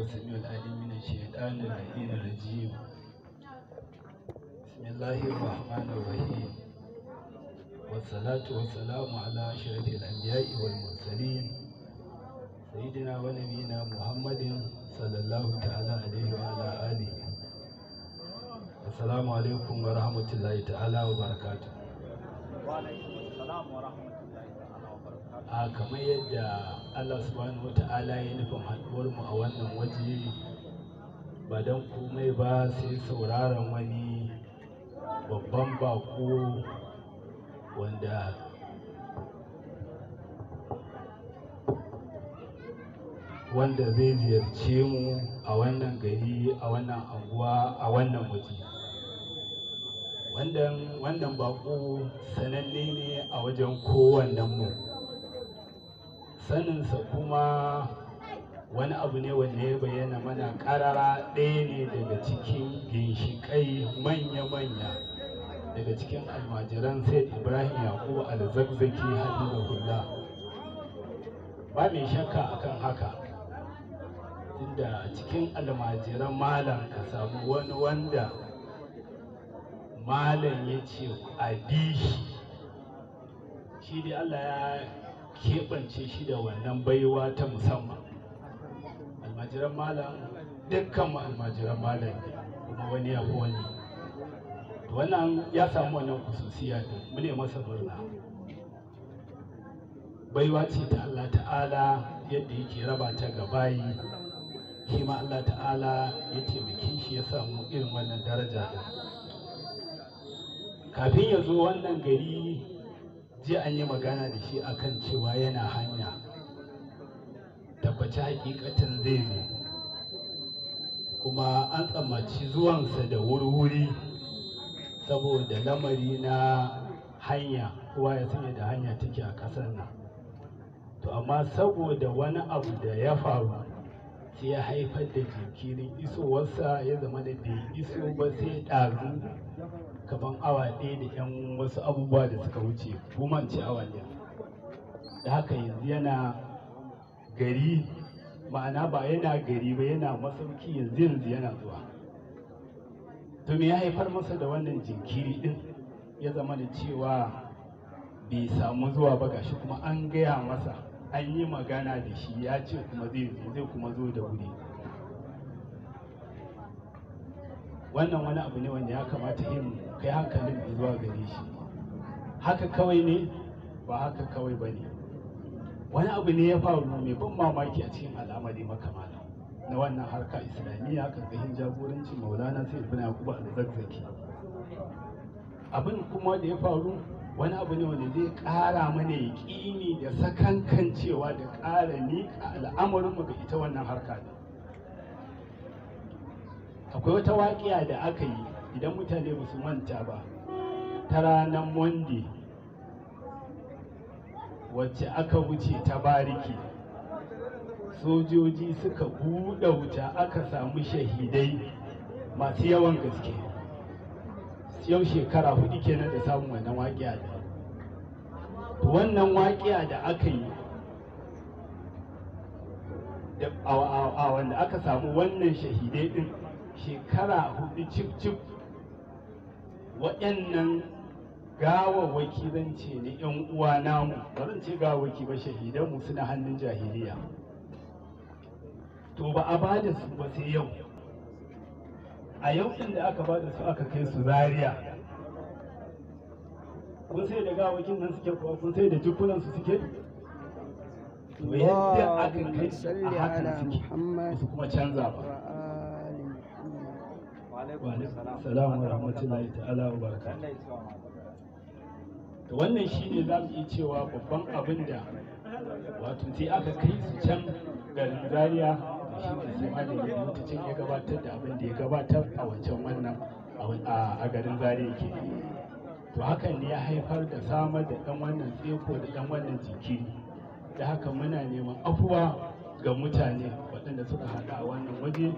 الله السميع العليم من الشيطان اللعين الرجيم بسم الله الرحمن الرحيم والصلاة والسلام على أشرف الأنبياء والمرسلين سيدنا ونبينا محمد صلى الله تعالى عليه وعلى آله السلام عليكم ورحمة الله تعالى وبركاته وعليكم السلام ورحمة الله تعالى وبركاته آه كما يدعى Allah subhanahu ta'ala ya nufin haɗuwar mu a wannan waje ba don komai ba sai sauraron wani babban bako wanda wanda zai ziyarce mu a wannan gari a wannan anguwa a wannan waje wannan bako sananne ne a wajen kowannen mu saninsa kuma wani abu ne wanda ya bayyana mana karara ɗaya ne daga cikin ginshiƙai manya-manya daga cikin almajiran sai ibrahim yakubu alzakzaki hafizahullah ba mai shakka a kan haka inda cikin almajiran malam ka samu wani wanda malam ya ce a shi dai allah ya keɓance shi da wannan baiwa ta musamman almajiran malam dukkan almajiran malam ne kuma wani ya wani wannan ya samu wannan kususiya ne mune masa murna baiwa ce ta Allah ta'ala yadda yake raba ta ga bayi shi ma Allah ta'ala ya taimake shi ya samu irin wannan daraja kafin ya zo wannan gari ji an yi magana da shi akan cewa yana hanya tabbaci hakikatin zai zo kuma an tsammaci zuwansa da wurwuri saboda lamari na hanya kowa ya sanya da hanya take a ƙasar nan to amma saboda wani abu da ya faru sai ya haifar da jinkirin isowarsa ya zama da bai iso ba sai ɗazu kaban awa ɗaya da yan wasu abubuwa da suka wuce kuma ce awa ɗaya da haka yanzu yana gari ma'ana ba yana gari ba yana masauki yanzu yanzu yana zuwa to me ya haifar masa da wannan jinkiri ɗin ya zama da cewa bai samu zuwa ba gashi kuma an gaya masa an yi magana da shi ya ce kuma zai zo zai kuma zo da wuri wannan wani abu ne wanda ya kamata yin kai hankalin zuwa gare shi haka kawai ne ba haka kawai ba ne wani abu ne ya faru mai ban mamaki a cikin al'amari makamala na wannan harka islamiyya karkashin jagorancin maulana sai ibn yakubu al zazzaki. abin kuma da ya faru wani abu ne wanda zai ƙara mana yaƙini da sakankancewa da ƙara miƙa al'amuranmu ga ita wannan harka ne akwai wata waƙiya da aka yi idan mutane ba su manta ba ta ranar monde wacce aka wuce ta bariki sojoji suka buɗe wuta aka samu shahidai masu yawan gaske yau shekara hudu kenan da samun wannan waƙiya wannan waƙiya da aka yi a wanda aka samu wannan shahidai ɗin shekara hudu cif-cif waɗannan waki zan ce ni 'yan uwa namu ba zan ce waki ba mu suna hannun jahiliya to ba a ba da su ba sai yau a yau ɗin da aka ba da su aka kai su Zariya. kun sai da gawakin nan suke kuwa kun sai da jikunan su suke to yadda kan kai a hakan suke su kuma canza ba salamu rahmatullahi ta'ala wa baraka to wannan shine za mu iya cewa babban abin da wato sai aka kai su can garin zaria shi ne sai malami mutuncin ya gabatar da abin da ya gabatar a wancan wannan a garin zaria ke to hakan ne ya haifar da samar da ɗan wannan tseko da ɗan wannan jiki da haka muna neman afuwa ga mutane waɗanda suka haɗa a wannan waje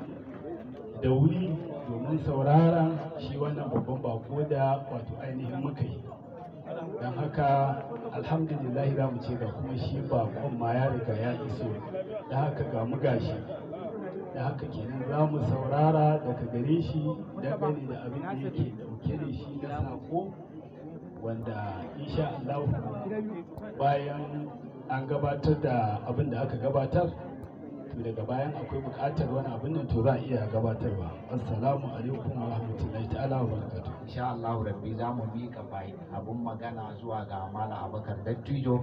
da wuri domin saurara shi wannan babban bako da wato ainihin muka yi don haka alhamdulillah za mu ce ga kuma shi bakon ma ya riga ya iso da haka ga mu gashi da haka kenan za mu saurara daga gare shi gani da abin da yake dauke da shi na sako wanda insha Allah bayan an gabatar da abin da aka gabatar to daga bayan akwai buƙatar wani abin nan to za a iya gabatarwa assalamu alaikum wa rahmatullahi ta'ala wa barakatuh insha Allah rabbi za mu mika bai abun magana zuwa ga malam Abakar Dattijo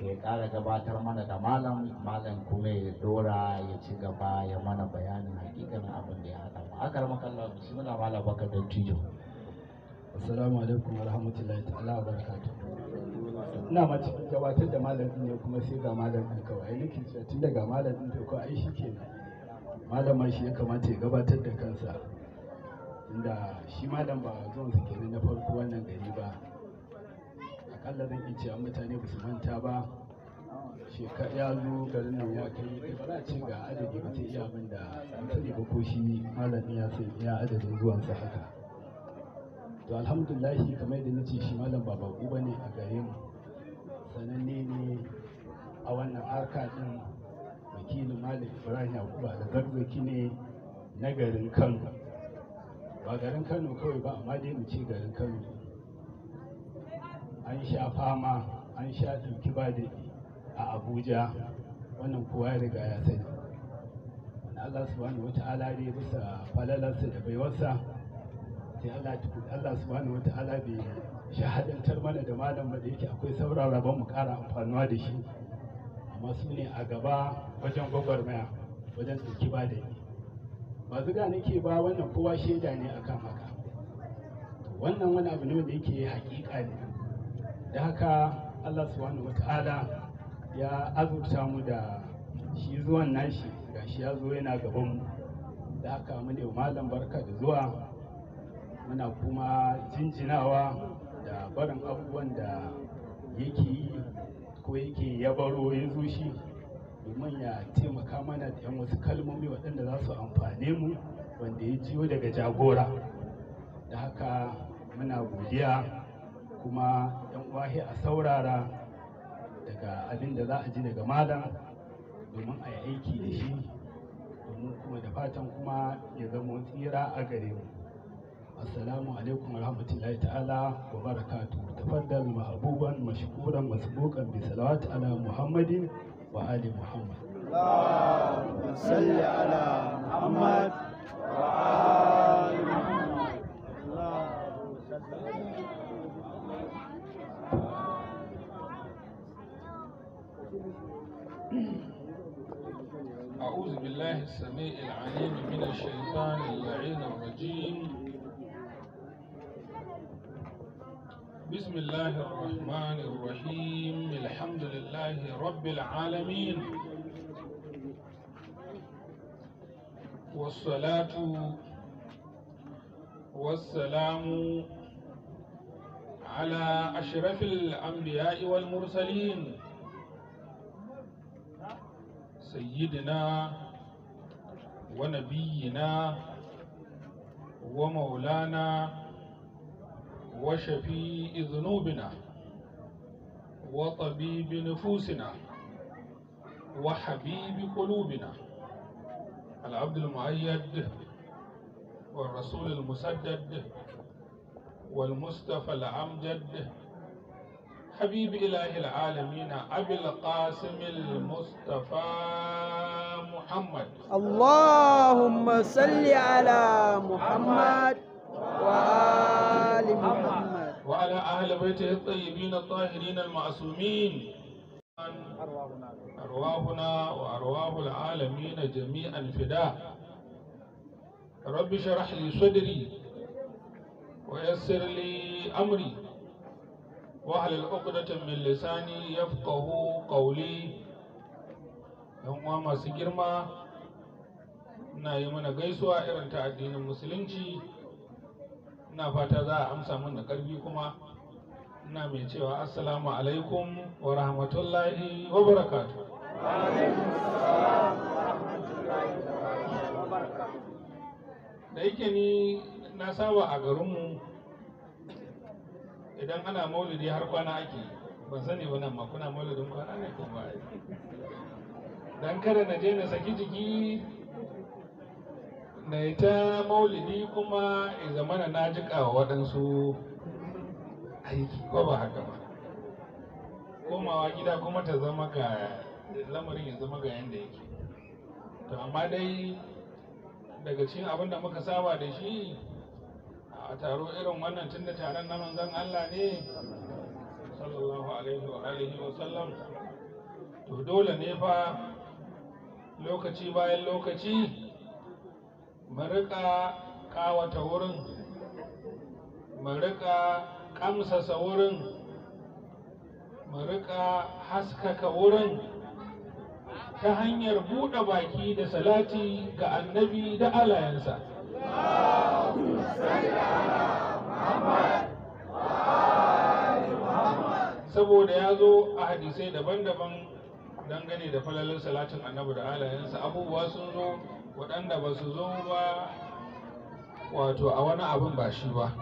ya kara gabatar mana da malam malam kuma ya dora ya ci gaba ya mana bayanin hakikan abin da ya haɗa mu akar makalla bismillah malam Abakar Dattijo assalamu alaikum wa rahmatullahi ta'ala wa barakatuh ina ma cikin gabatar da malamin ne kuma sai ga malamin kawai nake cewa tun daga malamin to ko ai shi kenan malama shi ya kamata ya gabatar da kansa inda shi malam ba zuwan su kenan na farko wannan gari ba akalla zan iya cewa mutane ba su manta ba shekar ya zo garin nan ya kai eh, ba za ce ga adadi ba sai iya abin da mutane ba ko shi malamin ya sai iya adadin zuwansa haka to alhamdulahi kamar yadda na shi malam baba baƙo ba ne a gare mu sananne ne a wannan harka ɗin wakilin malam ibrahim yakuba da garbaki ne na garin kano ba garin kano kawai ba amma dai mu ce garin kano an sha fama an sha ɗauki ba da a abuja wannan kowa ya riga ya sani Allah subhanahu wa ta'ala ne bisa falalarsa da baiwarsa sai Allah Allah subhanahu wata'ala bai shahadantar mana da malam ba da yake akwai sauran rabon mu ƙara amfanuwa da shi amma su ne a gaba wajen gwagwarmaya wajen tsaki ba da ni. ba zuga nake ba wannan kowa shaida ne akan haka wannan wani abu ne wanda yake hakika ne da haka Allah subhanahu wata'ala ya azurta mu da shi zuwan nashi gashi ya zo yana gaban mu da haka mu ne malam barka da zuwa muna kuma jinjinawa da barin abubuwan da yake yi ko yake yabaro baro ya zo shi domin ya taimaka mana da yan wasu kalmomi waɗanda za su amfane mu wanda ya jiyo daga jagora da haka muna godiya kuma yan wahe a saurara daga abin da za a ji daga malam domin a yi aiki da shi domin kuma da fatan kuma ya zama tsira a gare mu السلام عليكم ورحمة الله تعالى وبركاته تفضل محبوبا مشكورا مسبوقا بصلوات على محمد وآل محمد اللهم صل على محمد وآل محمد اللهم صل على محمد محمد أعوذ بالله السميع العليم من الشيطان اللعين الرجيم بسم الله الرحمن الرحيم الحمد لله رب العالمين والصلاة والسلام على أشرف الأنبياء والمرسلين سيدنا ونبينا ومولانا وشفيء ذنوبنا وطبيب نفوسنا وحبيب قلوبنا العبد المؤيد والرسول المسدد والمصطفى العمجد حبيب إله العالمين أبي القاسم المصطفى محمد اللهم صل على محمد وآل محمد وعلى أهل بيته الطيبين الطاهرين المعصومين أرواحنا وأرواح العالمين جميعا فداء رب شرح لي صدري ويسر لي أمري واحلل عقدة من لساني يفقه قولي yan uwa masu girma na yi mana gaisuwa irin ta addinin musulunci ina fata za a amsa min da karfi kuma ina mai cewa assalamu alaikum wa rahmatullahi wa barakatu da yake ni na saba a garinmu idan ana maulidi har kwana ake ban sani ba nan ma kuna maulidin kwana ne ko ba dan kada na je na saki jiki na yi ta maulidi kuma in zamana na jika wa waɗansu aiki ko ba haka ba komawa gida kuma ta zama ga lamarin ya zama ga yadda yake to amma dai daga cikin abin da muka saba da shi a taro irin wannan tun da taron na manzan Allah ne sallallahu alaihi wa alihi wa sallam to dole ne fa lokaci bayan lokaci mu riƙa ƙawata wurin mu riƙa wurin mu riƙa haskaka wurin ta hanyar buɗe baki da salati ga annabi da alayensa saboda ya zo a hadisai daban-daban dangane da falalar salatin annabi da alayensa abubuwa sun zo waɗanda ba su zo ba wato a wani abin ba shi ba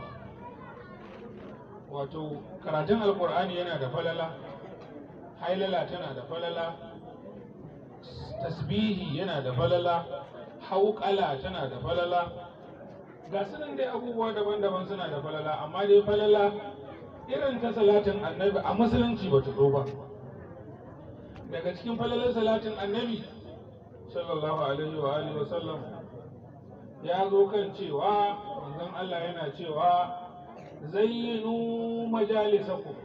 wato karatun alkur'ani yana da falala hailala tana da falala tasbihi yana da falala hauƙala tana da falala ga sunan dai abubuwa daban-daban suna da falala amma dai falala irin ta salatin annabi a musulunci ba ta zo ba daga cikin falalar salatin annabi sallallahu alaihi wa alihi wasallam ya zo kan cewa manzon Allah yana cewa zayyinu majalisakum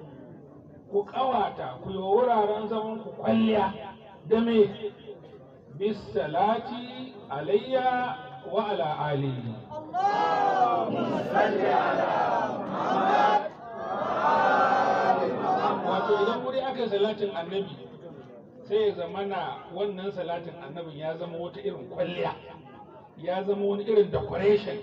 ku kawata ku yi wuraren zaman ku kwalliya da me bis salati alayya wa ala ali Allahumma salli ala Muhammad wa ali Muhammad wato idan wuri aka salatin annabi sai ya zama na wannan salatin annabin ya zama wata irin kwalliya ya zama wani irin decoration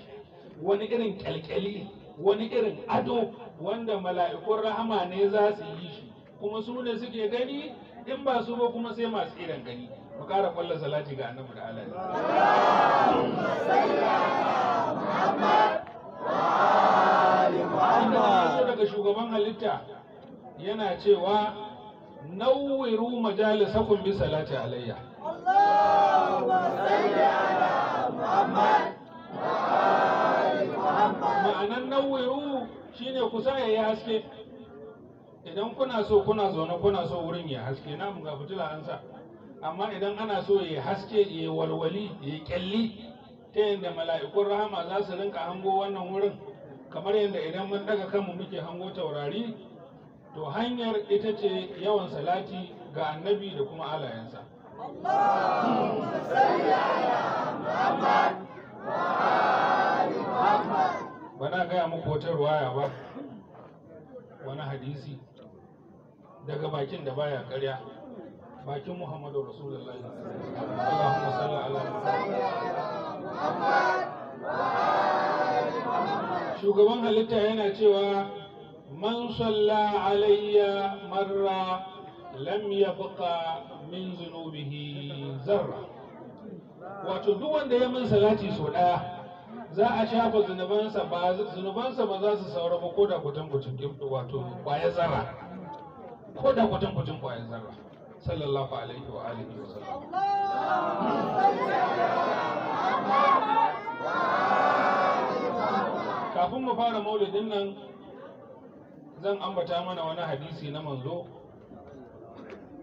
wani irin kyalkyali wani irin ado wanda mala'ikun rahama ne za su yi shi kuma su ne suke gani in ba su ba kuma sai masu irin gani mu kara kwallon salati ga annabi da Allah daga shugaban halitta yana cewa nawwiru majalisakum bi salati alayya Allahumma salli ala Muhammad wa ali Muhammad ma'anan nawwiru shine kusa yayi haske idan kuna so kuna zaune kuna so wurin ya haske na ga fitila an sa amma idan ana so ya haske ya walwali ya kyalli ta yadda mala'ikun rahama za su rinka hango wannan wurin kamar yadda idan mun daga kanmu muke hango taurari to hanyar ita ce yawan salati ga annabi da kuma alayensa bana gaya muku wata ruwaya ba wani hadisi daga bakin da baya karya bakin muhammadu rasulullahi allahumma salli ala muhammad shugaban halitta yana cewa من صلى علي مرة لم يبقى من ذنوبه ذرة wato duk wanda ya min salati sau ɗaya za a shafa zunubansa ba zunubansa ba za su saura ba ko da kutan kutun wato kwaya zara ko da kutan kutun kwaya zara sallallahu alaihi wa alihi wa sallam kafin mu fara maulidin nan zan ambata mana wani hadisi na manzo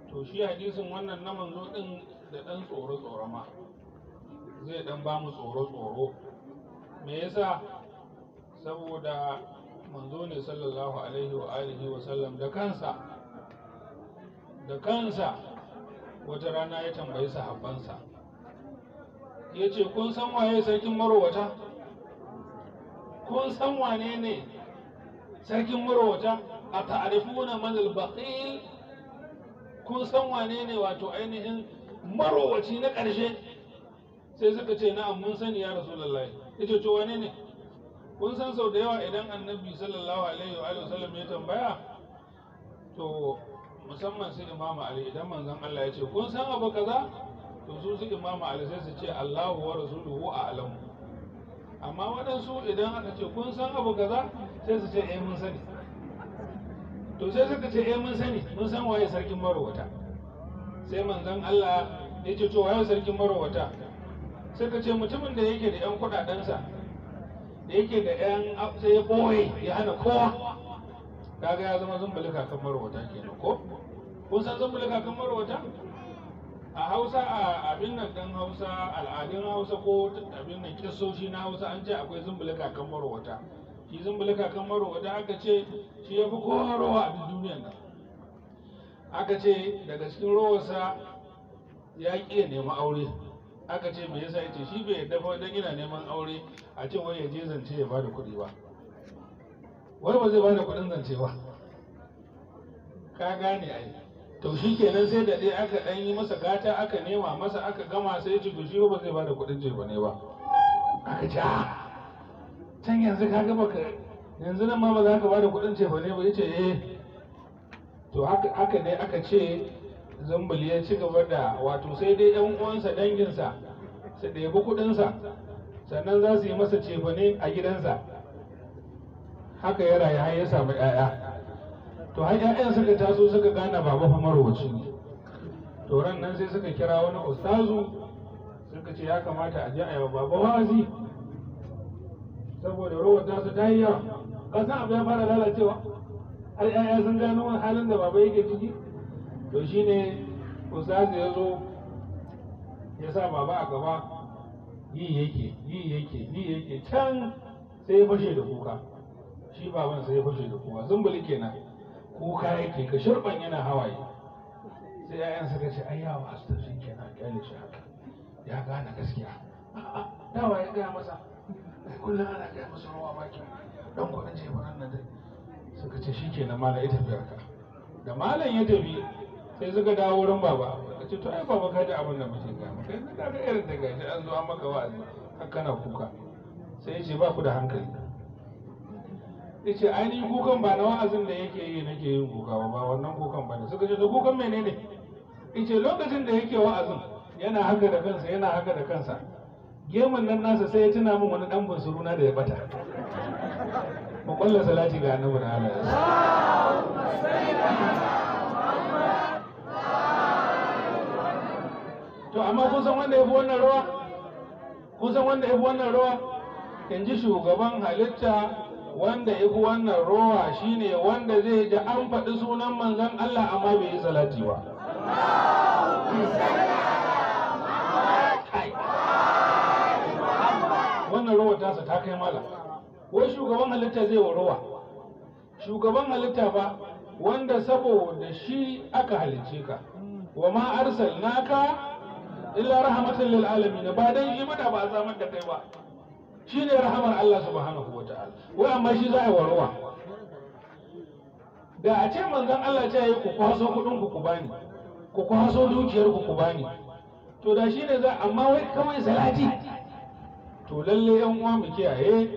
to shi hadisin wannan na manzo din da dan tsoro tsoro ma zai dan ba mu tsoro tsoro me yasa saboda manzo ne sallallahu alaihi wa alihi wa sallam da kansa da kansa wata rana ya tambayi sahabbansa ya ce kun san waye sarkin marowata kun san wane ne sarkin marwata a ta'arifuna man al kun san wane ne wato ainihin marowaci na ƙarshe sai suka ce na mun sani ya lallai ita ce wane ne kun san sau da yawa idan annabi sallallahu alaihi wa sallam ya tambaya to musamman su imama ali idan manzon Allah ya ce kun san abu kaza to su su imama ali sai su ce Allahu wa rasuluhu a'lamu amma waɗansu idan aka ce kun san abu kaza sai su ce eh mun sani to sai suka ce eh mun sani mun san waye sarkin marowata sai manzon Allah ya ce to waye sarkin marowata suka ce mutumin da yake da 'yan kuɗaɗensa da yake da 'yan sai ya boye ya hana kowa kaga ya zama zumbuli kakan marowata kenan ko kun san zumbuli kakan marowata a hausa a abin nan dan hausa al'adun hausa ko abin nan kisoshi na hausa an ce akwai zumbula kakan marowata shi zumbula kakan marowata aka ce shi ya fi kowa rowa a duniyan nan aka ce daga cikin rowarsa ya ƙi neman aure aka ce me yasa yace shi bai dafa don dan ina neman aure a ce wai ya je zance ya bada kuɗi ba wani ba zai bada kuɗin zance ba ka gane ai to shi kenan sai da dai aka ɗan yi masa gata aka nema masa aka gama sai ya ci gushi ba zai ba da kuɗin jirba ne ba aka ci ah, can yanzu ka gama ka yanzu nan ma ba za ka ba da kuɗin jirba ne ba ya ce eh to haka ne aka ce zambali ya ci gaba da wato sai dai yan uwansa danginsa su ɗebi kuɗinsa sannan za su yi masa cefane a gidansa haka ya rayu har ya samu 'ya'ya to har 'ya'yan suka taso suka gane baba fa wacce to ran nan sai suka kira wani ustazu suka ce ya kamata a je a yi wa baba wazi saboda rowar ta ta yi yawa kasan abu ya fara lalacewa har 'ya'ya sun gano wani halin da baba yake ciki to shine ustazu ya zo ya sa baba a gaba yi yake yi yake yi yake can sai ya fashe da kuka shi baban sai ya fashe da kuka zumbuli kenan kuka yake ka shirban yana hawaye sai yayan suka ce ai yawa asta shi na kyale shi haka ya gane gaskiya a'a dawa ya gaya masa kullum ana gaya masa ruwa baki dan kudin jefanan nan dai suka ce shi na malam ita biyar ka da malam ya tafi sai suka dawo wurin baba ka ce to ai baba ka ji abin da muke gaya maka yanzu ka ga irin da gaji an zo an maka wa'azi haka na kuka sai ya ce ba ku da hankali ce ainihin kukan ba na wa'azin da yake yi nake yin kuka ba ba wannan kukan bane suka ce da kukan menene ce lokacin da yake wa'azin yana haka da kansa yana haka da kansa gemun nan nasa sai ya tuna min wani dan bunsuruna da ya bata mu kulla salati ga annabi da Allah Allahumma salli ala to amma kusan wanda ya fi wannan rawa kusan wanda ya fi wannan rawa in ji shugaban halitta wanda ya fi wannan rowa shine wanda zai ji an faɗi sunan manzon Allah amma bai yi salati ba wannan rowa tasa ta kai mala ko shugaban halitta zai wa rowa shugaban halitta ba wanda saboda shi aka halicce ka wa ma naka illa rahmatan lil alamin ba dan shi bada ba a da kai ba shi ne rahamar Allah subhanahu wa ta'ala wai amma shi za a yi warwa da a ce manzon Allah ce ya yi ku kwaso kudin ku ku bani ku kwaso dukiyar ku ku bani to da shi ne za amma wai kawai salati to lalle yan uwa mu kiyaye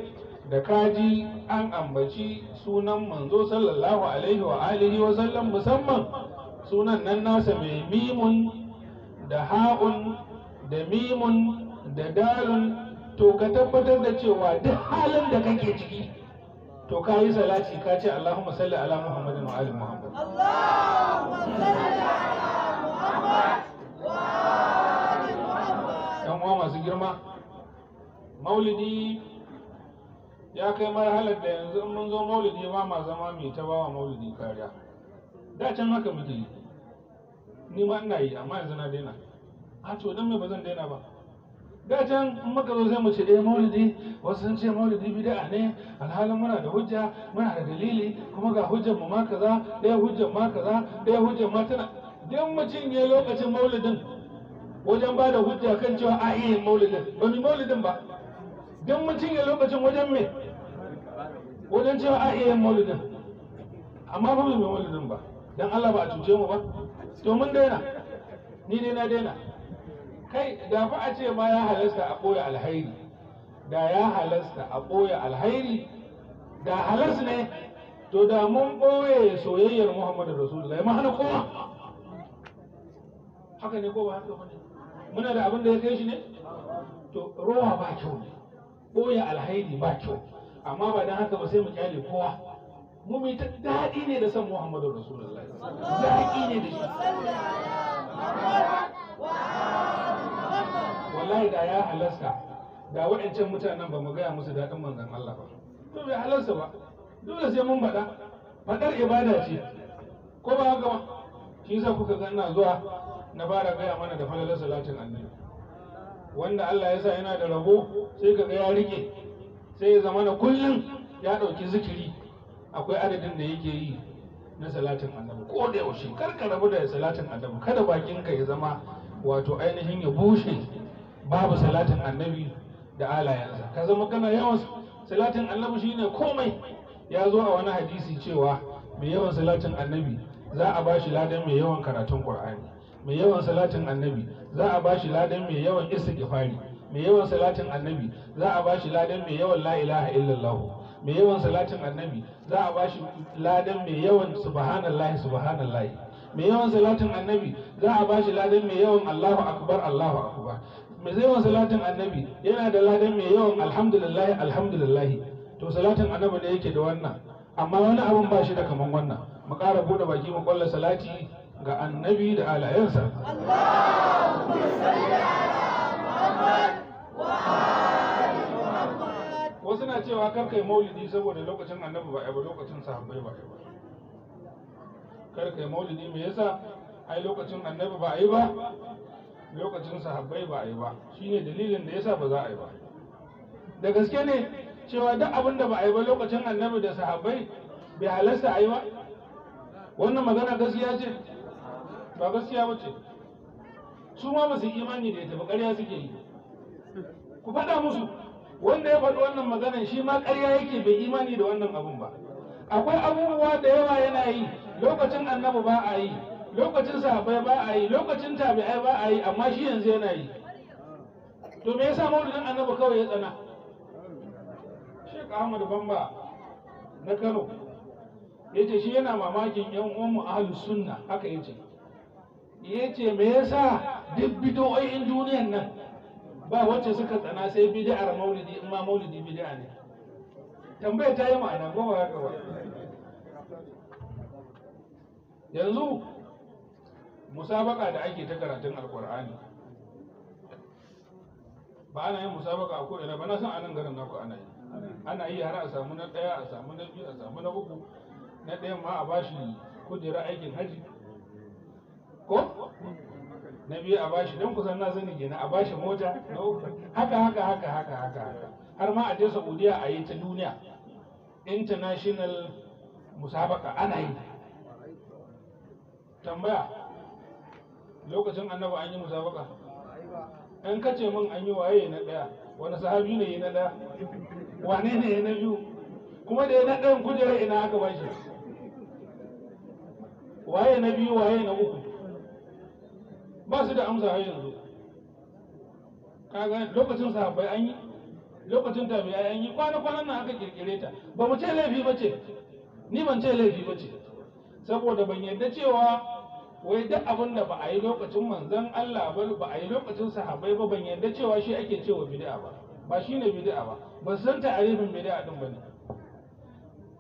da kaji an ambaci sunan manzo sallallahu alaihi wa alihi wa sallam musamman sunan nan nasa mai mimun da ha'un da mimun da dalun to ka tabbatar da cewa duk halin da kake ciki to ka yi salati ka ce Allahumma salli ala Muhammadin wa ali Muhammad Allahumma salli ala Muhammad wa ali Muhammad dan uwa masu girma maulidi ya kai marhalar da yanzu mun zo maulidi ba ma zama mai ta bawa maulidi kariya da can haka muke yi ni ma ina yi amma yanzu na daina a to dan me ba zan daina ba da can zai mace ɗaya sai mu eh, maulidi wasu sun ce maulidi bid'a ne alhalin muna da hujja muna da dalili kuma ga hujjar mu ma kaza ɗaya hujjar ma kaza ɗaya hujjar ma tana dan mutum ya lokacin maulidin wajen ba da hujja kan cewa a iya yin maulidin ba mu maulidin ba dan mutum ya lokacin wajen me wajen cewa a iya yin maulidin amma ba mu maulidin ba dan Allah ba a cuce mu ba to mun daina ni dai na daina kai da fa a ce ma ya halasta a ɓoye alhairi da ya halasta a ɓoye alhairi da halas ne to da mun ɓoye soyayyar muhammadu rasulullahi ma hana kowa haka ne ko ba haka ne muna da abin da ya kai shi ne to rowa ba kyau ne ɓoye alhairi ba kyau amma ba don haka ba sai mu kyale kowa mu mai ta daɗi ne da san muhammadu rasulullahi daɗi ne da shi wallahi da ya halasta da waɗancan mutanen ba mu gaya musu daɗin manzan Allah ba to bai halasta ba dole sai mun faɗa faɗar ibada ce ko ba haka ba shi yasa kuka ga ina zuwa na fara gaya mana da falalar salatin annabi wanda Allah ya sa yana da rabo sai ka ga ya rike sai ya zama na kullum ya ɗauki zikiri akwai adadin da yake yi na salatin annabi ko da yaushe kar ka rabu da salatin annabi kada bakin ka ya zama wato ainihin ya bushe babu salatin annabi da alayansa ka zama kana yawan salatin annabi shi ne komai ya zo a wani hadisi cewa mai yawan salatin annabi za a ba shi ladan mai yawan karatun qur'ani mai yawan salatin annabi za a ba shi ladan mai yawan istighfari mai yawan salatin annabi za a ba shi ladan mai yawan la ilaha illallah mai yawan salatin annabi za a ba shi ladan mai yawan subhanallahi subhanallahi mai yawan salatin annabi za a ba shi ladan mai yawan allahu akbar allahu akbar Mai zai wa salatin annabi yana da ladan mai yawan alhamdulillahi alhamdulillahi to salatin annabi ne yake da wannan amma wani abun ba shi da kaman wannan mu ƙara bude baki mu ƙwalla salati ga annabi da alayensa wasu na cewa kar kai maulidi saboda lokacin annabi ba ba lokacin sahabbai ba ba kar kai maulidi me yasa ai lokacin annabi ba yi ba lokacin sahabbai ba a yi ba shine dalilin da yasa ba za a yi ba da gaske ne cewa duk abin da ba a yi ba lokacin annabi da sahabbai bai halasta a yi ba wannan magana gaskiya ce ba gaskiya ba ce su ma ba su imani da ita ba ƙarya suke yi ku faɗa musu wanda ya faɗi wannan maganan shi ma ƙarya yake bai imani da wannan abun ba akwai abubuwa da yawa yana yi lokacin annabi ba a yi lokacin sahabai ba a yi lokacin tabi'ai ba a yi amma shi yanzu yana yi to me yasa maulidin annabi kawai ya tsana Sheikh Ahmad Bamba na Kano yace shi yana mamakin yan uwan mu ahlus sunna haka yace yace me yasa duk bid'o'in duniyar nan ba wacce suka tsana sai bid'ar maulidi in ma maulidi bid'a ne tambaya ta yi ma'ana goma ya gaba yanzu musabaka da ake ta karatun alkur'ani ba ana yin musabaka a ko'ina ba na san anan garin naku ana yi ana yi har a samu na ɗaya a samu na biyu a samu na uku na ɗaya ma a bashi kujera aikin haji ko na biyu a bashi don kusan na sani gina a bashi mota na uku haka haka haka haka haka har ma a je saudiya a yi ta duniya international musabaka ana yi tambaya lokacin annabi an yi musabaka an ka ce min an yi waye na ɗaya wani sahabi ne na ɗaya wane ne na biyu kuma da ya na ɗayan kujera ina aka bashi waye na biyu waye na uku ba su da amsa har yanzu kaga lokacin sahabbai an yi lokacin tabi'ai an yi kwana kwanan nan aka kirkire ta ba mu ce laifi ba ce ni ban ce laifi ba ce saboda ban yarda cewa wai duk abin da ba a yi lokacin manzan Allah ba ba a yi lokacin sahabbai ba ban yarda cewa shi ake cewa bid'a ba ba shi ne bid'a ba Ban san ta'arifin bid'a din bane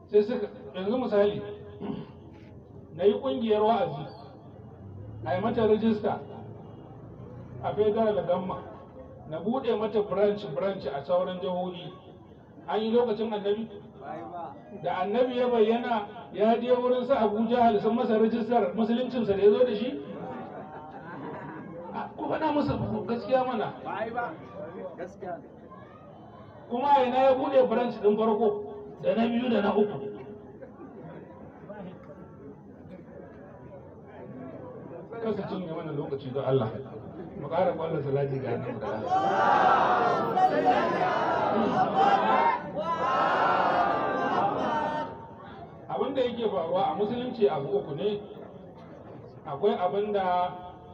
sai suka yanzu misali na yi kungiyar wa'azi a yi mata rijista a federal gamma na buɗe mata branch branch a sauran jihohi an yi lokacin annabi da annabi ya bayyana ya je wurin sa abu jahal sun masa rijistar musuluncinsa da ya zo da shi ah, ku faɗa musu gaskiya mana kuma ina ya buɗe branch ɗin farko da na biyu da na uku kasa cinye mana lokaci don Allah mu ƙara ƙwallon salati ga annabi da Allah abin da yake faruwa a musulunci abu uku ne akwai abin da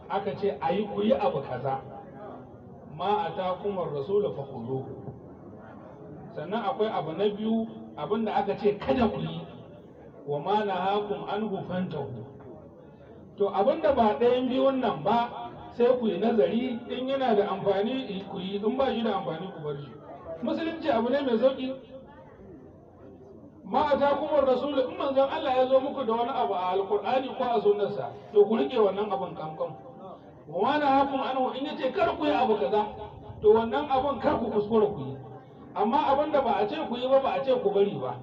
aka ce a yi ku yi abu kaza ma a takumar rasulu fa sannan akwai abu na biyu abin da aka ce kada ku yi wa ma na hakun an hufanta to abin da ba ɗayan biyun nan ba sai ku yi nazari in yana da amfani ku yi in ba shi da amfani ku bar shi musulunci abu ne mai sauƙi ma a takumar rasulu in manzon Allah ya zo muku da wani abu a alkur'ani ko a sunnarsa to ku rike wannan abun kamkam wa ma na an wa in yace kar ku yi abu kaza to wannan abun kar ku kuskura ku yi amma abin da ba a ce ku yi ba ba a ce ku bari ba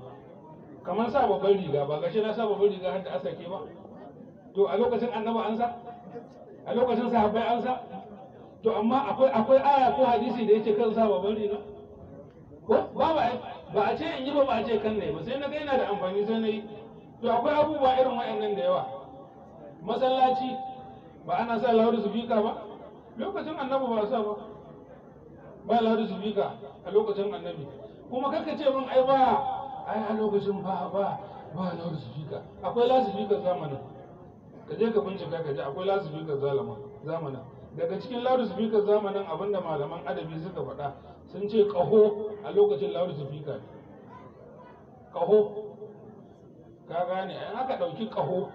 kamar sa babban riga ba gashi na sa babban riga har da asake ba to a lokacin annaba an sa a lokacin sahabbai an sa to amma akwai akwai aya ko hadisi da yake kan sa babban riga ba a ce in yi ba ba a ce kan ne ba sai na ga yana da amfani sai na yi to akwai abubuwa irin waɗannan da yawa masallaci ba ana sa lauri su bika ba lokacin annabi ba sa ba ba lauri su bika a lokacin annabi kuma kaka ce min ai ba ai a lokacin ba ba ba lauri su bika akwai lasifika zamanin ka je ka bincika ka ji akwai lasifika zamanin daga cikin lauri su bika zamanin abinda malaman adabi suka faɗa sun ce ƙaho a lokacin lauri sufika ne ƙaho ka gane in aka ɗauki kaho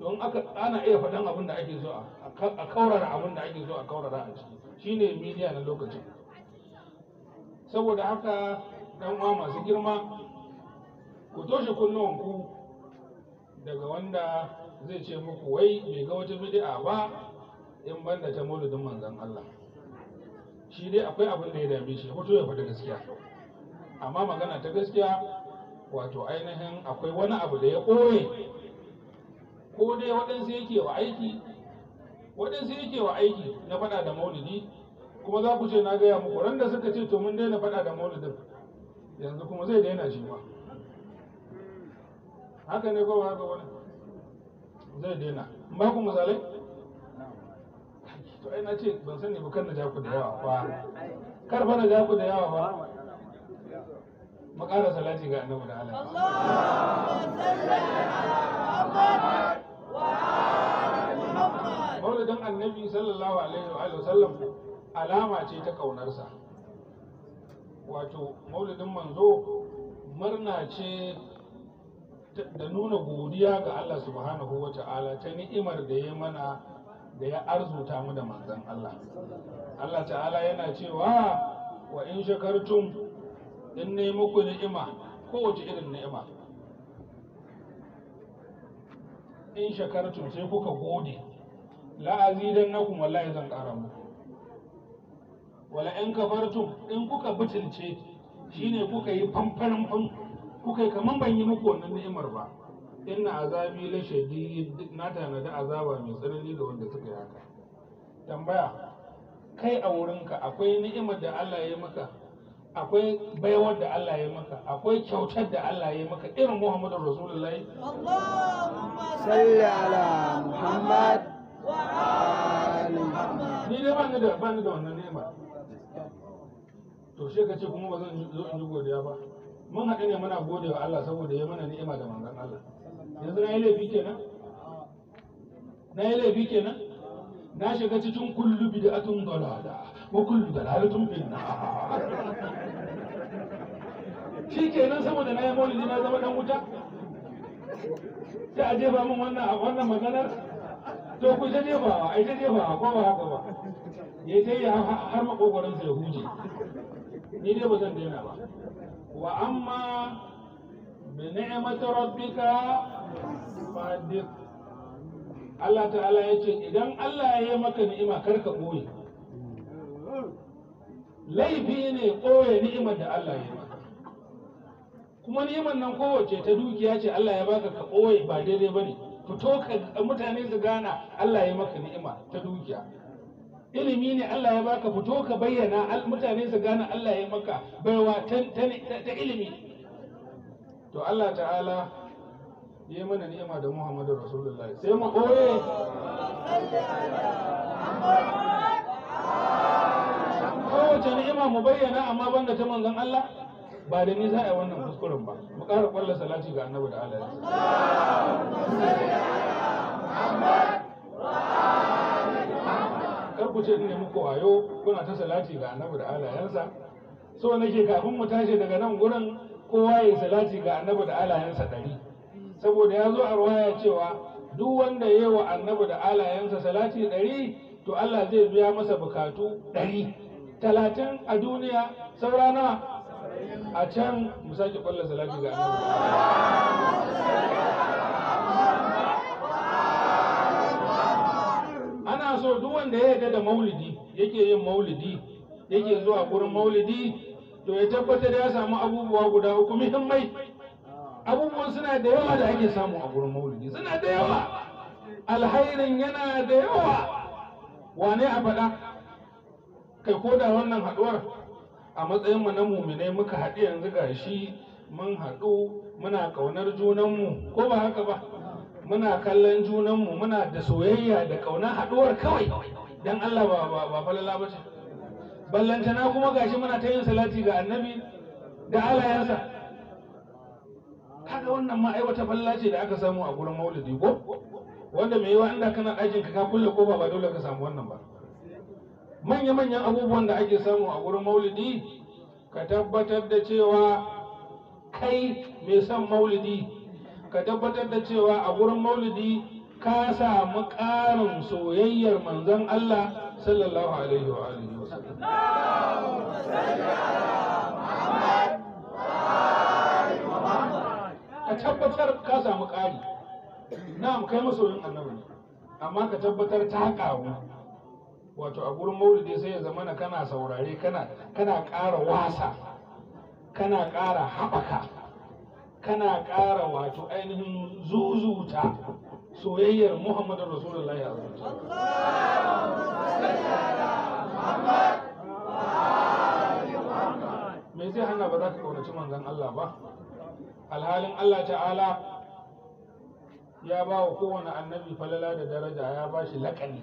don aka ana iya faɗan abin da ake zo a kaurara abin da ake zo a kaurara a ciki ne miliya na lokacin saboda haka ɗan uwa masu girma ku toshe kunnuwanku daga wanda zai ce muku wai bai ga wata bid'a ba in banda ta mauludin manzon Allah shi dai akwai abin da ya dame shi mutum ya faɗi gaskiya amma magana ta gaskiya wato ainihin akwai wani abu da ya ɓoye ko dai waɗansu yake wa aiki waɗansu yake wa aiki na faɗa da maulidi kuma za ku ce na gaya muku ran da suka ce to mun daina faɗa da maulidin yanzu kuma zai daina shi ma haka ne ko haka wani zai daina ba ku misalai to ai na ce ban sani ba kan na ja ku da yawa ba kar fa na ja ku da yawa ba mu ƙara salati ga annabi da Allah Maulidin annabi sallallahu alaihi wa sallam alama ce ta ƙaunarsa wato maulidin manzo murna ce da nuna godiya ga Allah subhanahu wa ta'ala ta ni'imar da ya mana da ya arzuta mu da manzan Allah Allah ta'ala yana cewa wa in shakartum in ne muku ni'ima kowace irin ni'ima in shakartum sai kuka gode na kuma wallahi zan ƙara mu. wala in kafartum in kuka butulce shine kuka yi fanfarin kuka yi kaman ban yi muku wannan ni'imar ba inna azabi la shadid na tanada azaba mai tsanani da wanda suka yi haka tambaya kai a wurinka akwai ni'imar da Allah ya maka akwai baiwar da Allah ya maka akwai kyautar da Allah ya maka irin Muhammadu Rasulullahi Allahumma salli ala Muhammad wa ali Muhammad ni dai ban da ban da wannan ni'ima to she kace kuma ba zan zo in yi godiya ba mun haɗu ne muna godewa Allah saboda ya mana ni'ima da manzon Allah yanzu na yi laifi kenan na yi laifi kenan na shiga cikin kullu bid'atun dalala wa kullu dalalatun bin nar shi kenan saboda na yi maulidi na zama dan wuta sai a jefa min wannan a wannan maganar to ku ta jefa ai ta jefa ko ba haka ba ya ta yi har makogoransa ya huje ni dai ba zan daina ba wa amma bi ni'mati rabbika fadir Allah ta'ala ya ce idan Allah ya yi maka ni'ima karka ɓoye laifi ne ɓoye ni'imar da Allah ya maka kuma ni'imar nan kowace ta dukiya ce Allah ya baka ka ɓoye ba daidai ba ne fito ka mutane su gana Allah ya maka ni'ima ta dukiya ilimi ne Allah ya baka fito ka bayyana mutane su gana Allah ya maka baiwa ta ilimi to Allah ta'ala ya mana ni'ima da Muhammadu Rasulullahi sai mu koye kowace ni'ima mu bayyana amma banda ta manzon Allah ba da ni za a yi wannan kuskuren ba mu ƙara ƙwallon salati ga annabi da Allah kar ku ce ne muku wayo kuna ta salati ga annabi da alayansa so nake kafin mu tashi daga nan gurin kowa ya salati ga annabi da alayansa ɗari saboda ya zo a ruwaya cewa duk wanda ya yi wa annabi da alayensa salati ɗari to Allah zai biya masa bukatu ɗari talatin a duniya saurana a can mu sake kwallon salati ga ana so duk wanda ya yarda da maulidi yake yin maulidi yake zuwa gurin maulidi to ya tabbatar ya samu abubuwa guda uku muhimmai abubuwan suna da yawa da ake samu a gurin maulidi suna da yawa alhairin yana da yawa wane a faɗa kai ko da wannan haɗuwar a matsayin mu na muminai muka haɗu yanzu ga shi mun haɗu muna ƙaunar junanmu ko ba haka ba muna kallon junanmu muna da soyayya da ƙaunar haɗuwar kawai dan Allah ba falala ba ce ballantana kuma gashi muna ta yin salati ga annabi da alayansa kaga wannan ma aiwata falla ce da aka samu a gurin maulidi ko wanda mai yawa inda kana ɗakin ka kulle kofa ba dole ka samu wannan ba manya manyan abubuwan da ake samu a gurin maulidi ka tabbatar da cewa kai mai son maulidi ka tabbatar da cewa a gurin maulidi ka samu ƙarin soyayyar manzon Allah sallallahu alaihi wa alihi wa sallam A tabbatar ka samu ƙari na kai masoyin annabi ne amma ka tabbatar ta ƙaru wato a gurin maulidi sai ya zamana kana saurare kana ƙara wasa kana ƙara haɓaka kana ƙara wato ainihin zuzuta soyayyar muhammadu rasulullahi a zuciya me zai hana ba za ka ƙaunaci manzon allah ba alhalin Allah ta'ala ya ba wa kowane annabi falala da daraja ya ba shi laƙani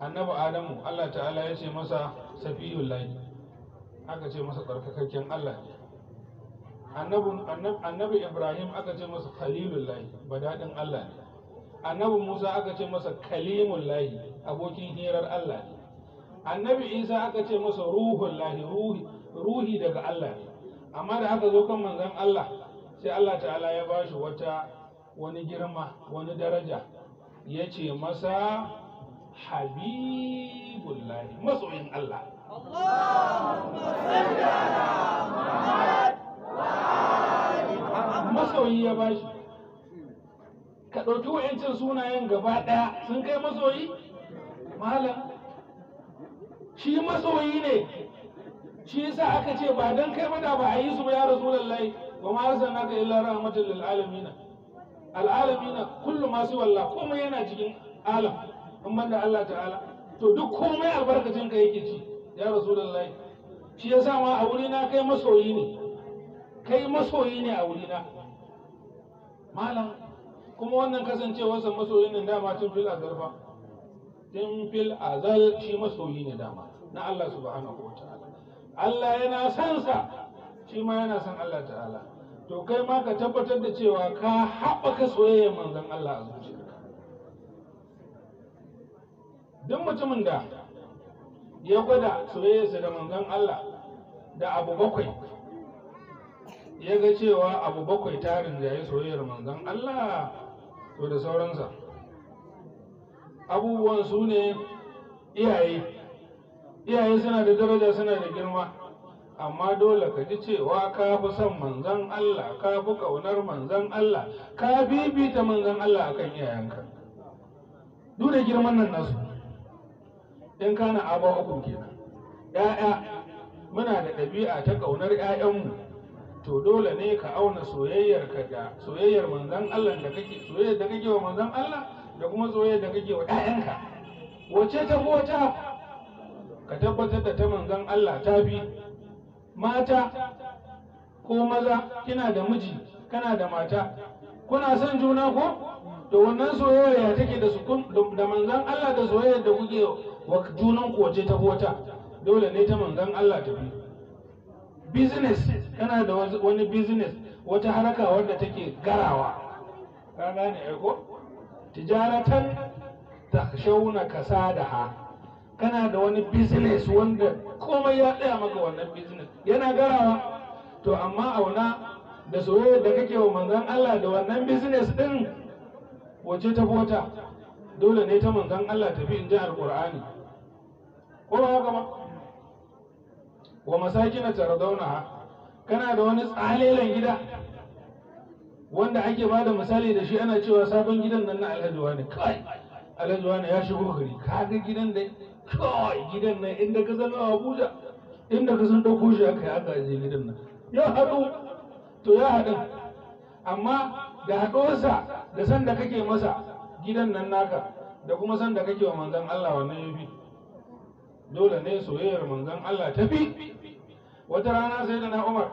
annabi adamu Allah ta'ala ya ce masa safiyun layi aka ce masa tsarkakakken Allah ne annabi ibrahim aka ce masa khalilun layi badaɗin Allah ne annabi musa aka ce masa kalimun layi abokin hirar Allah ne annabi isa aka ce masa ruhun lahi ruhi daga Allah ne amma da aka zo kan manzon Allah sai Allah ta'ala ya ba shi wata wani girma wani daraja ya ce masa habibullahi masoyin Allah masoyi ya ba shi ka ɗauki wa'yancin sunayen gaba ɗaya sun kai masoyi malam shi masoyi ne shi yasa aka ce ba dan kai ba ba a yi su ba ya rasulullahi wa ma arsalnaka illa rahmatan lil alamin al alamin kullu ma su wallah komai yana cikin alam in banda Allah ta'ala to duk komai albarkacin ka yake ci ya rasulullahi shi yasa ma a wurina kai masoyi ne kai masoyi ne a wurina malam kuma wannan kasancewarsa masoyi ne dama tun fil azal ba tun fil azal shi masoyi ne dama na Allah subhanahu wa ta'ala Allah yana son sa shi ma yana son Allah ta'ala to kai ma ka tabbatar da cewa ka haɓaka soyayyar manzon Allah a zuciyarka duk mutumin da ya gwada soyayyarsa da manzon Allah da abu bakwai ya ga cewa abu bakwai tarin da soyayyar manzon Allah to da sauransa abubuwan su ne iyaye iyaye suna da daraja suna da girma amma dole ka ji cewa ka fi son manzan Allah ka fi ƙaunar manzan Allah ka bibita manzan Allah akan iyayenka Dole girman nan nasu in kana aba uku kenan ya'ya muna da ɗabi'a ta ƙaunar 'ya'yanmu to dole ne ka auna ka da soyayyar manzan Allah da kake soyayyar da kake wa manzan Allah da kuma soyayyar da kake wa 'ya'yanka wace ta ko ta ka tabbatar da ta manzan Allah ta bi mata ko maza kina da miji kana da mata kuna son juna ko to wannan soyayya take da su da manzan Allah da soyayya da kuke wa junan ku waje ta bota dole ne ta manzan Allah ta bi business kana da wani business wata haraka wadda take garawa ka gane ko tijaratan ta shauna kasadaha kana da wani business wanda komai ya tsaya maka wannan business yana garawa to amma auna da soyayya da kake wa manzon Allah da wannan business din wace ta bota dole ne ta manzon Allah tafi in inji alqur'ani ko ba haka ba wa masakin taradawna kana da wani tsalelan gida wanda ake ba da misali da shi ana cewa sabon gidan nan na alhaji wani kai alhaji wani ya shigo gari kaga gidan da kawai gidan nan inda ka zama abuja inda ka san ɗauko shi aka yi aka je gidan nan ya haɗu to ya haɗu amma da haɗuwarsa da san da kake masa gidan nan naka da kuma san da kake wa manzan Allah wannan ya fi dole ne soyayyar manzan Allah ta fi wata rana sai da na Umar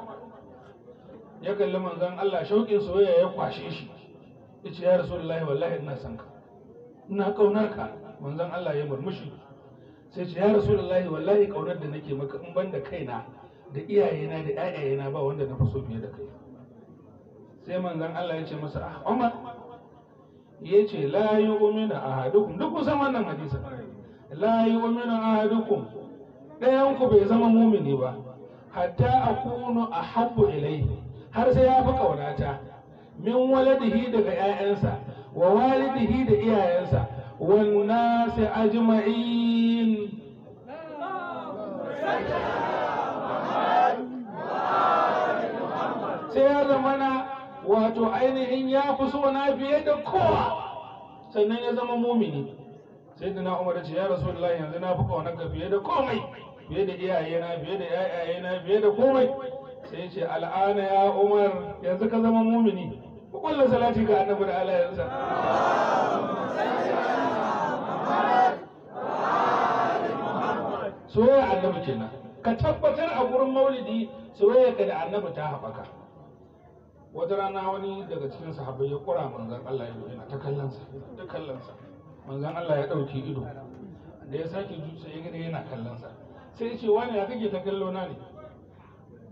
ya kalli manzan Allah shauƙin soyayya ya kwashe shi ya ce ya rasu wallahi ina san ina ƙaunar ka manzan Allah ya murmushi sai ce ya rasu rasulullahi wallahi kaunar da nake maka in ban da kaina da iyayena da ƴaƴayena ba wanda na faso fiye da kai sai manzon Allah ya ce masa ah Umar ya ce la yu'minu ahadukum duk kusan wannan hadisi la yu'minu ahadukum ɗayan ku bai zama mumini ba hatta akunu ahabbu ilayhi har sai ya fi kaunata min waladihi daga ƴaƴansa wa walidihi da iyayensa wa nasi ajma'in wato ainihin ya fi so na fiye da kowa sannan ya zama mumini sai da na umar ce ya rasu da yanzu na fi kaunar ka fiye da komai fiye da iyaye na fiye da yayaye na fiye da komai sai ce al'ana ya umar yanzu ka zama mumini ku salati ga annabi da alayansa soyayya annabi kenan ka tabbatar a gurin maulidi soyayya ka da annabi ta haɓaka wata rana wani daga cikin sahabbai ya kura manzan Allah ya yana ta kallonsa ta kallansa manzan Allah ya dauki ido da ya sake zuciya ya gani yana kallonsa sai ya ce wani ya kake ta kallo na ne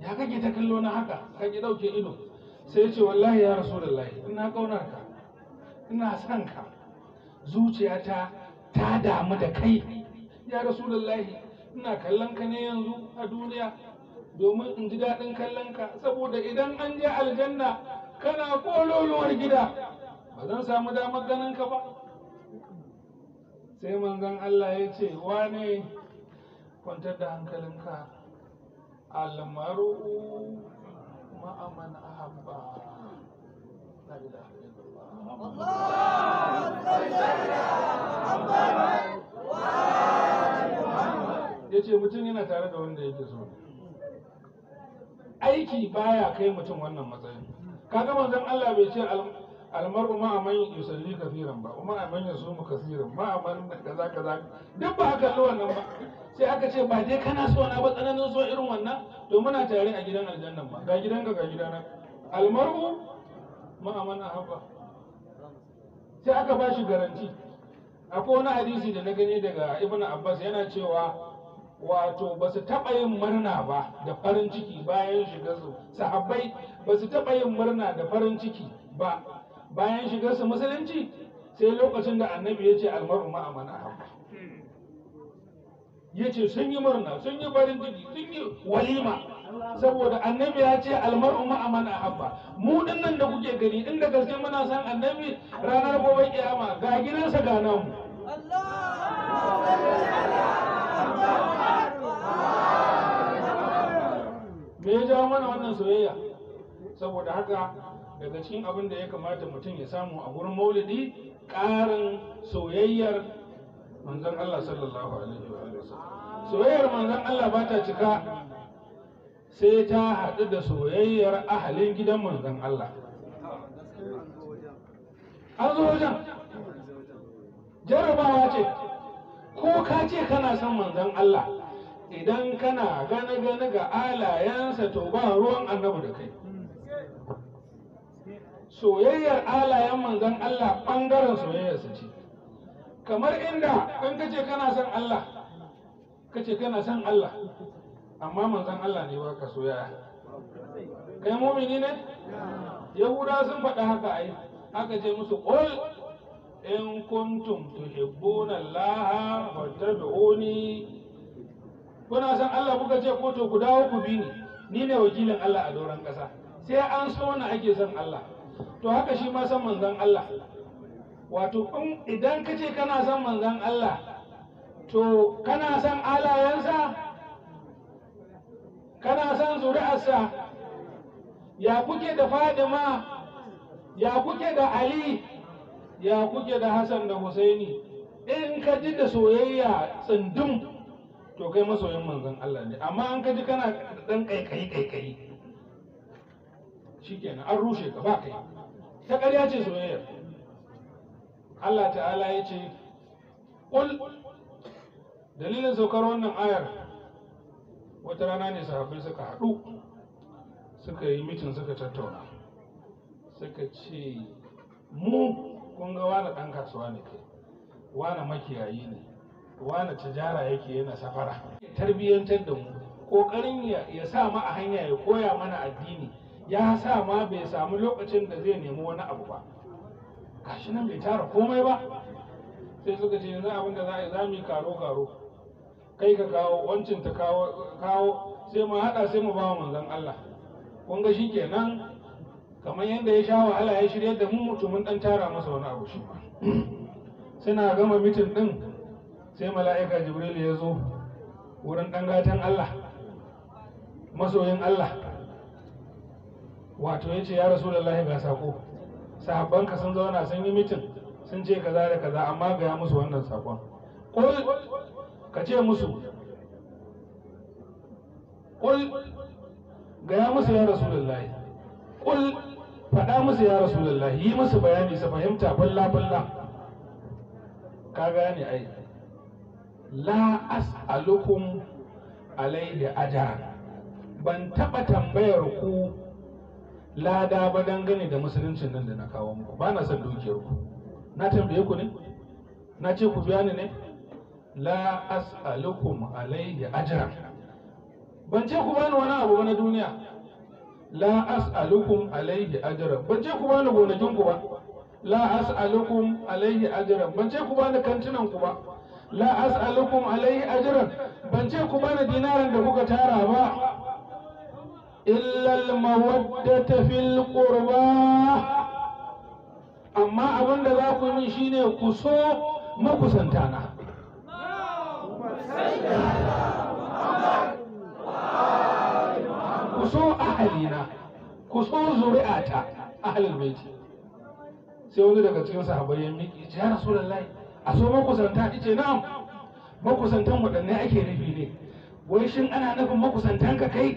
ya kake ta kallo na haka kake dauke ido sai ya ce wallahi ya rasulullahi ina kaunar ka ina son ka zuciyata ta damu da kai ya rasulullahi ina kallon ka ne yanzu a duniya domin in ji daɗin kallon ka saboda idan an je aljanna kana kololuwar gida ba zan samu damar ganin ka ba sai manzon Allah ya ce wane kwantar da hankalinka almaru ma'aman ahabba ya ce mutum yana tare da wanda yake so aiki baya kai mutum wannan matsayin kaga manzon Allah bai ce almar'u ma man yusalli kafiran ba ma man yasumu kafiran ma man kaza kaza duk ba haka zuwa nan ba sai aka ce ba dai kana so na ba tsananin so irin wannan to muna tare a gidan aljannan ba ga gidan ga gidana almar'u ma man ahabba sai aka ba shi garanti akwai wani hadisi da na gani daga ibnu abbas yana cewa wato ba su taɓa yin murna ba da farin ciki bayan su? sahabbai ba su taɓa yin murna da farin ciki ba bayan su musulunci sai lokacin da annabi ya ce almaru ma'amana hamba ya ce sun yi murna sun yi farin ciki sun yi walima saboda annabi ya ce almaru ma'amana hamba mu nan da kuke gani inda gaske muna san annabi ranar gobe kiyama ga gidansa ga nan. Allah me ya jawo mana wannan soyayya saboda haka daga cikin abin da ya kamata mutum ya samu a gurin maulidi ƙarin soyayyar manzon Allah sallallahu alaihi wa soyayyar manzon Allah ba ta cika sai ta haɗu da soyayyar ahalin gidan manzon Allah an zo wajen jarabawa ce ko ka ce kana son manzon Allah idan kana gane gane ga alayensa to ba ruwan annabi da kai soyayyar alayen manzan Allah ɓangaren soyayyarsa ce kamar inda kan kace kana son Allah kace kana son Allah amma manzan Allah ne ka soyayya kai mumini ne yahuda sun faɗi haka ai Haka ce musu qul in kuntum tuhibbuna Allah fattabi'uni kuna san Allah kuka ce ko to ku dawo ku bi ni ni ne wakilin Allah a doron ƙasa sai an so na ake san Allah to haka shi ma san manzon Allah wato idan ka ce kana san manzon Allah to kana son alayensa kana san zuri'arsa ya kuke da Fadima ya kuke da Ali ya kuke da Hassan da Husaini in ka ji da soyayya tsindin to kai masoyin manzon Allah ne amma an ka kaji kana dan kaikayi kaikayi shikenan an rushe ka ba kai ta ƙarya ce soyayya Allah ta'ala ya ce ƙul dalilin saukar wannan ayar wata rana ne sahabbai suka haɗu suka yi mitin suka tattauna suka ce mu kun ga wani ɗan kasuwa ne kai wani makiyayi ne wani tijara yake yana safara tarbiyyantar da mu kokarin ya sa ma a hanya ya koya mana addini ya sa ma bai samu lokacin da zai nemi wani abu ba gashi nan bai tara komai ba sai suka ce yanzu abin da za a yi karo karo kai ka kawo wancin ta kawo sai mu haɗa sai mu ba wa manzon Allah kun ga shikenan kamar yadda ya sha wahala ya shirya da mu mutumin dan tara masa wani abu shi suna gama mitin din sai mala'ika jibril ya zo wurin ɗangatan allah masoyin allah wato ya ce ya rasu da lahi ga sako sahabbanka sun zauna sun yi mitin sun ce kaza da kaza amma gaya musu wannan sakon ka ce musu ƙul gaya musu ya rasu da lahi ƙul faɗa musu ya rasu da lahi yi musu bayani su fahimta balla balla ka gane ai la as'alukum alaihi ajara ban taɓa tambayar ku lada ba dangane da musuluncin nan da na kawo muku ba na son dukiyar ku na tambaye ku ne na ce ku biya ni ne la as'alukum alaihi ajara ban ce ku bani wani abu na duniya la as'alukum alaihi ajara ban ce ku bani gonakin ku ba la as'alukum alaihi ajara ban ce ku bani kantinan ku ba la as'alukum alaihi ajran ban ce ku bani dinaran da kuka tara ba illa al-mawaddata fil qurba amma abin da za ku yi shine ku so makusanta na ku so ahalina ku so zuri'ata ahalin baiti sai wani daga cikin sahabbai ya miƙe ya rasulullahi a so makusanta ta ce na'am makusantan waɗanne ake nufi ne wai shin ana nufin makusantan ka kai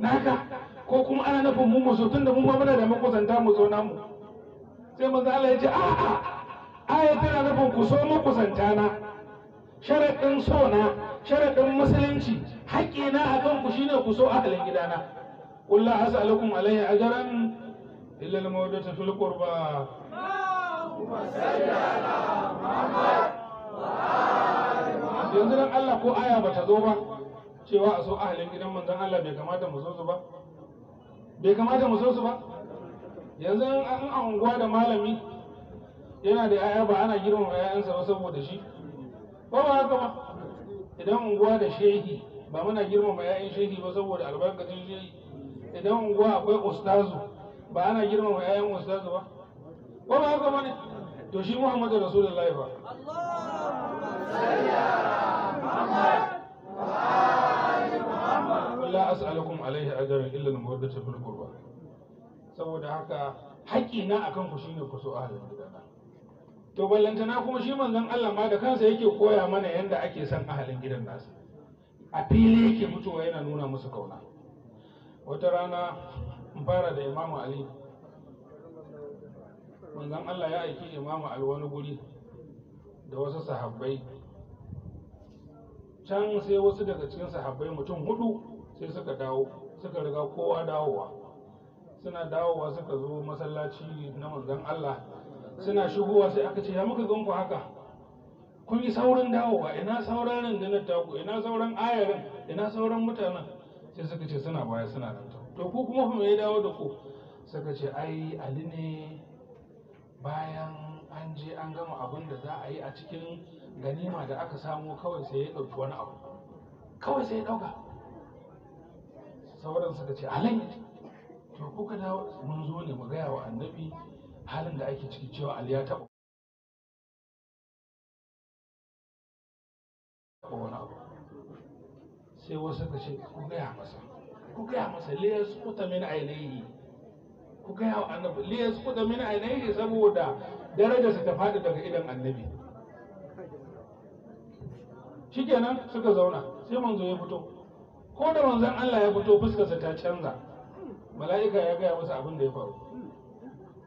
naka ko kuma ana nufin mu mu tun da mu ma muna da makusanta mu zo namu sai mu Allah ya ce a'a aya tana nufin ku so makusanta na sharaɗin so na sharaɗin musulunci haƙƙi na kan ku shine ku so ahalin gidana qul la as'alukum alayhi ajran illa al-mawaddata fil qurba yanzu nan Allah ko aya ba ta zo ba cewa a so ahalin gidan manzon Allah bai kamata mu so su ba bai kamata mu so su ba yanzu an anguwa da malami yana da yaya ba ana girmama yayansa ba saboda shi ko ba haka ba idan unguwa da shehi ba muna girmama yayan shehi ba saboda albarkacin shehi idan unguwa akwai ustazu ba ana girmama yayan ustazu ba ko ba haka ba ne to shi muhammadu rasulullahi ba Allah as'alukum alaihi ajran illa al-mawaddata fil qurba saboda haka haƙi na akan ku shine ku so ahlul gidana to ballantana kuma shi manzon Allah ma da kansa yake koya mana yanda ake san ahalin gidan nasu a fili yake mutuwa yana nuna musu kauna wata rana in fara da imamu ali manzan Allah ya aiki imamu a wani guri da wasu sahabbai can sai wasu daga cikin sahabbai mutum hudu sai suka dawo suka riga kowa dawowa suna dawowa suka zo masallaci na manzan Allah suna shigowa sai aka ce ya muka ganku haka kun yi saurin dawowa ina sauran rundunar taku ina sauran ayarin ina sauran mutanen sai suka ce suna baya suna nan to ku kuma fa me ya dawo da ku suka ce ai ali ne bayan an je an gama abin da za a yi a cikin ganima da aka samu kawai sai ya ɗauki wani abu kawai sai ya ɗauka sauran suka ce alayya to kuka dawo mun zo ne mu gaya wa annabi halin da ake ciki cewa ali ya taɓa wani abu sai wasu ka ce ku gaya masa ku gaya masa liyas kuta min ainihi ku gaya wa annabi liyas ku da min ainihi saboda darajarsa ta faɗi daga idan annabi shikenan suka zauna sai manzo ya fito ko da manzon Allah ya fito fuskarsa ta canza mala'ika ya gaya masa abin da ya faru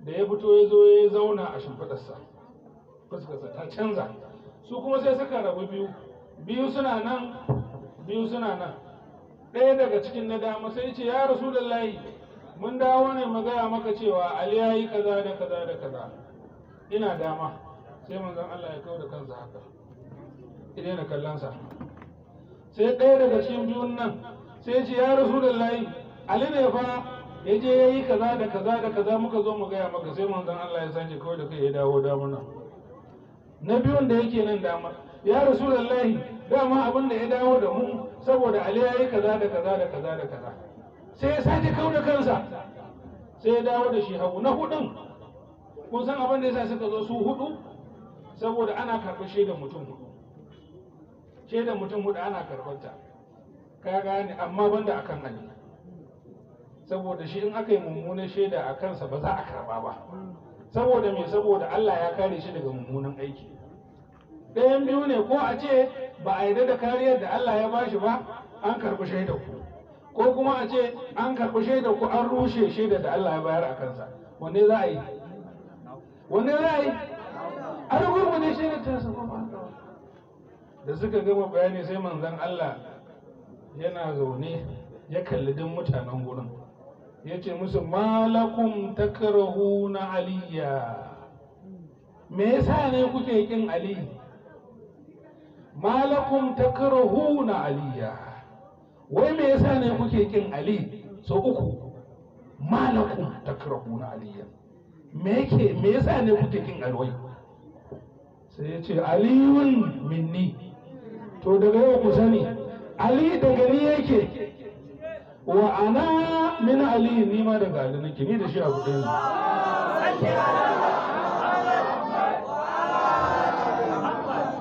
da ya fito ya zo ya zauna a shimfiɗarsa fuskarsa ta canza su kuma sai suka rabu biyu biyu suna nan biyu suna nan ɗaya daga cikin na dama sai ce ya rasu da layi mun dawo ne mu gaya maka cewa ali ya yi kaza da kaza da kaza ina dama sai manzon Allah ya kawo da kansa haka idan kallon sa sai ɗaya daga cikin biyun nan sai ce ya rasu da layi ali ne fa ya je ya yi kaza da kaza da kaza muka zo mu gaya maka sai manzon Allah ya sake kawai da kai ya dawo nan na biyun da yake nan dama ya rasu da layi dama abin da ya dawo da mu saboda ali ya yi kaza da kaza da kaza da kaza sai ya sake kau da kansa sai ya dawo da shi hagu na hudun kun san abin da ya yasa suka zo su hudu saboda ana karɓar shaidar mutum hudu shaidar mutum hudu ana karɓar ta ka gane amma banda akan ali saboda shi in aka yi mummunan shaida a kansa ba za a karɓa ba saboda me saboda Allah ya kare shi daga mummunan aiki ɗayan biyu ne ko a ce ba a yarda da kariyar da Allah ya bashi ba an karɓi shaidar ku ko kuma a ce an karɓi shaida ku an rushe shaida da Allah ya bayar a kansa wanne za a yi wanne za a yi an ne shaida ta sama da suka gama bayani sai manzan Allah yana zaune ya kalli duk mutanen gurin ya ce musu malakum na aliyya me yasa ne kuke kin ali malakum na aliyya wai me yasa ne kuke kin ali sau uku malaku takrahuna aliyan me yake me yasa ne kuke kin alwai sai ya ce aliyun minni to daga yau ku sani ali daga ni yake wa ana min ali ni ma daga ali nake ni da shi a abu ɗaya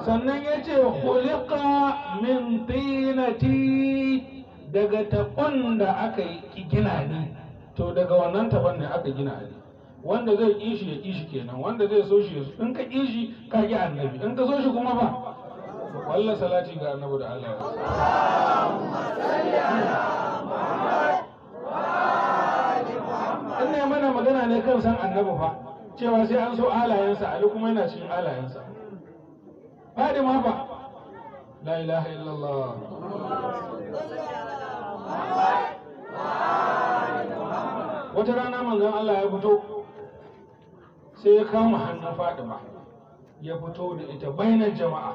sannan ya ce kulika min tinati daga taɓon da aka yi gina ne to daga wannan taɓon ne aka gina ne wanda zai kishi ya kishi kenan wanda zai so shi in ka kishi ka ji annabi in ka so shi kuma ba walla salati ga annabi da Allah ya mana magana ne kan san annabi fa cewa sai an so alayensa ali kuma yana cikin alayensa Fadima ba la ilaha illallah wata rana manzon Allah ya fito sai ya kama hannun Fadima ya fito da ita bainar jama'a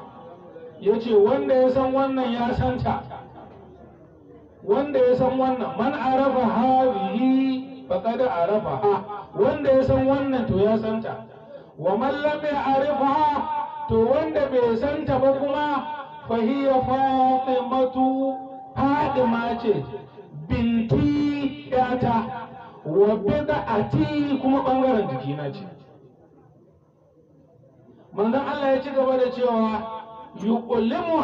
ya ce wanda ya san wannan ya santa wanda ya san wannan man arafa hawihi faqad arafa wanda ya san wannan to ya santa wa man lam ya'rifha to wanda bai san ta ba kuma fahiya fatimatu fadima ce binti yata wa bid'ati kuma bangaren jikina ce manzon Allah ya ci gaba da cewa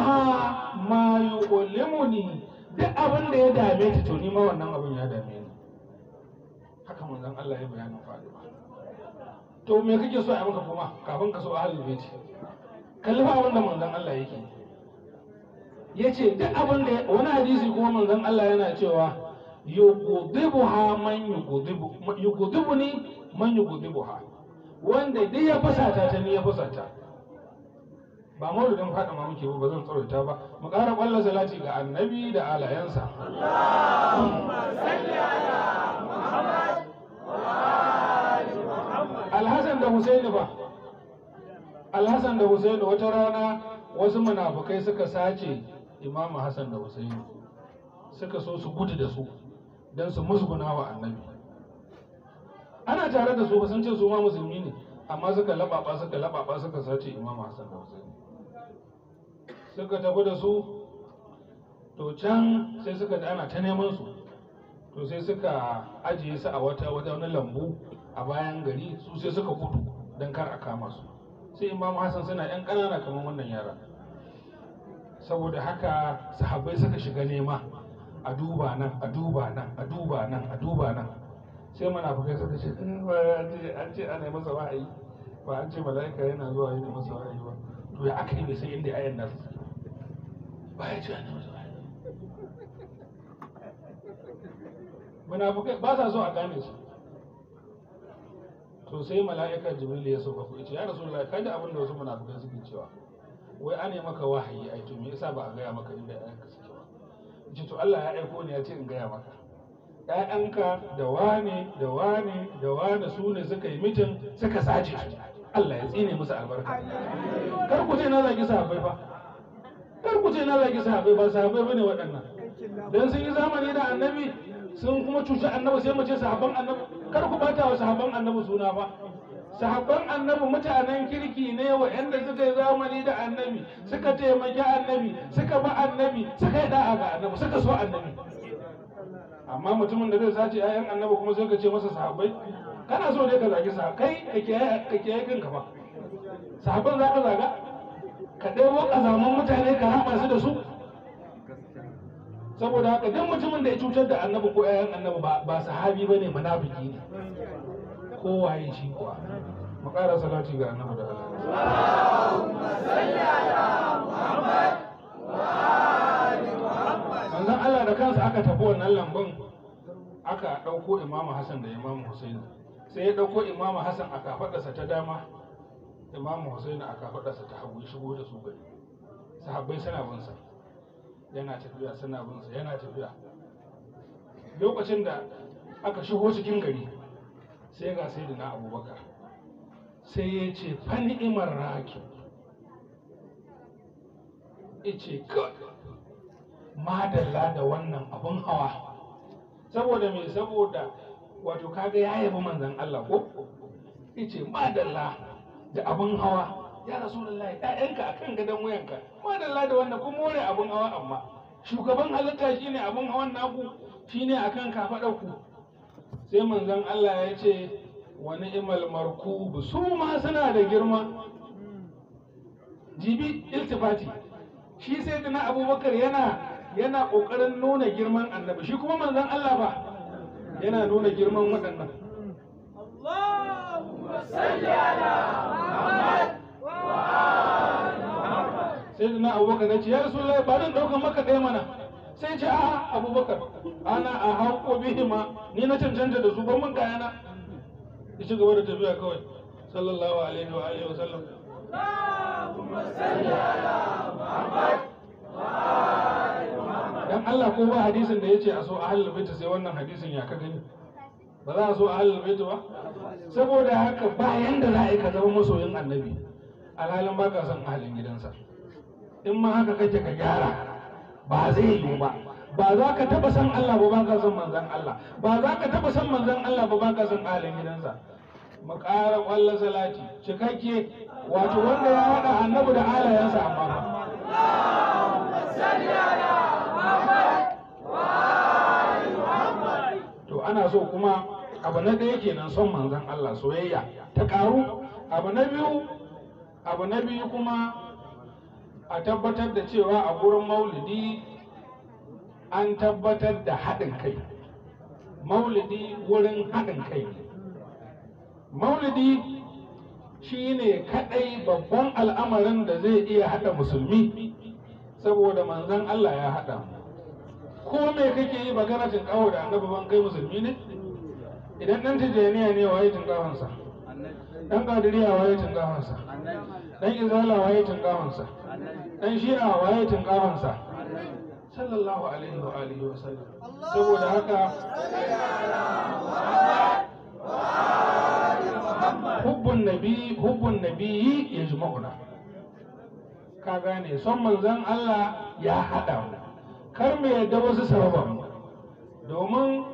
ha, ma yuqullimuni duk abin da ya dame ta to ni ma wannan abin ya dame ni haka manzon Allah ya bayanin fadima to me kake so a maka kuma kafin ka so halin baiti kalli ba abin manzon Allah yake yace duk abin da wani hadisi kuma manzon Allah yana cewa ha man yughdibu ni man ha wanda duk ya fasata ta ni ya fasata ba don fada ma muke ba zan tsawaita ba mu ƙara ƙwallon salati ga annabi da alayansa muhammad muhammad. Al-Hasan da husaini ba alhassan da Hussaini wata rana wasu munafukai suka sace imamu hassan da Hussaini suka so su gudu da su don su musguna wa annabi ana tare da su ba sun ce su ma musulmi ne amma suka laɓaɓa suka laɓaɓa suka sace imamu hassan da Hussaini suka tafi da su to can sai suka da ana ta neman su to sai suka ajiye su a wata wani lambu a bayan gari su sai suka gudu don kar a kama su sai imam hassan suna yan ƙanana kamar wannan yara saboda haka sahabbai suka shiga nema a duba nan a duba nan a duba nan a duba nan sai mana fuka suka eh, ce an ce ana masa wa'ayi ba an ce mala'ika yana zuwa yana masa wa'ayi ba to ya aka yi bai sai inda ayan nasu ba ya ce ana masa wa'ayi ba sa so a gane su to sai mala'ikar jibril ya sauka ku ce ya rasulullahi kai da abin da wasu munafikai suke cewa wai an yi maka wahayi ai to me yasa ba a gaya maka inda ƴaƴanka suke ba ce to Allah ya aiko ni ya ce in gaya maka ƴaƴanka da wane da wane da wane su ne suka yi mitin suka sace Allah ya tsine musu albarka kar ku ce na zagi sahabbai fa kar ku ce na zagi sahabbai ba sahabbai bane waɗannan dan sun yi zamani da annabi sun kuma cuci annabi sai mu ce sahabban annabi kar ku bata wa sahabban annabi suna ba sahabban annabi mutanen kirki ne yanda suka yi zamani da annabi suka taimaki annabi suka ba annabi suka yi da'a ga annabi suka so annabi amma mutumin da zai sace ayan annabi kuma sai ka ce masa sahabbai kana so dai ka zagi kai ka kiyaye kanka ba sahabban za ka zaga ka ɗebo ƙazaman mutane ka haɓa su da su saboda haka duk mutumin da ya cutar da annabi ko ƴaƴan annabi ba sahabi bane munafiki ne ko waye shi kuwa mu ƙara salati ga annabi da Allah Allahumma Muhammad Muhammad Allah da kansa aka tafi wannan lambun aka ɗauko Imama Hassan da Imama Hussein sai ya ɗauko Imama Hassan a kafaɗarsa ta dama Imam Hussein a kafaɗarsa ta hagu ya shigo da su gari sahabbai suna bin sa yana tafiya suna binsa yana tafiya lokacin da aka shigo cikin gari sai ga sai na abubakar sai ya ce fani'imar raki ya ce madalla da wannan abin hawa saboda mai saboda wato kaga ya yabi manzan Allah ko ya ce madalla da abin hawa ya rasulullahi ƴaƴanka akan gadon wayanka madalla da wannan kuma wani abun hawa amma shugaban halitta shine abun hawan naku shine akan kafaɗar ku sai manzon Allah ya ce wa ni'mal markub su ma suna da girma jibi iltifati shi sai dana abubakar yana yana kokarin nuna girman annabi shi kuma manzon Allah ba yana nuna girman waɗannan Allahu salli ala sai da na abubakar na ce ya rasu ba zan ɗaukan maka ɗaya mana sai ce a abubakar ana a hauko bihima ni na cancanta da su ban man kayana ya ci gaba da tafiya kawai sallallahu alaihi wa alihi wa sallam dan Allah ko ba hadisin da yace a so ahlul bait sai wannan hadisin ya ka gani ba za a so ahlul bait ba saboda haka bayan da za a yi ka zama masoyin annabi alhalin ba ka son ahalin gidansa in ma haka kake ka gyara ba zai yi ba ba za ka taba san Allah ba ba ka san manzon Allah ba za ka taba san manzon Allah ba ba ka san ahalin gidansa mu ƙara ƙwallo salati cikakke wato wanda ya haɗa annabu da alayensa amma ba to ana so kuma abu na ɗaya kenan son manzon Allah soyayya ta ƙaru abu na biyu abu na biyu kuma a tabbatar da cewa a gurin maulidi an tabbatar da haɗin kai maulidi wurin haɗin kai maulidi shi ne kaɗai babban al'amarin da zai iya haɗa musulmi saboda manzan Allah ya haɗa ko me kake yi magana ƙawo da annabi ban kai musulmi ne idan ɗan tijjaniya ne waye ƙawonsa ɗan ƙadiriya waye ƙawonsa ɗan izala waye ƙawonsa dan shi'a waye tinkarinsa sallallahu alaihi wa alihi wa sallam saboda haka hubbun nabi hubbun nabi yajma'una ka gane son manzon Allah ya hada kar mu yadda wasu sababan domin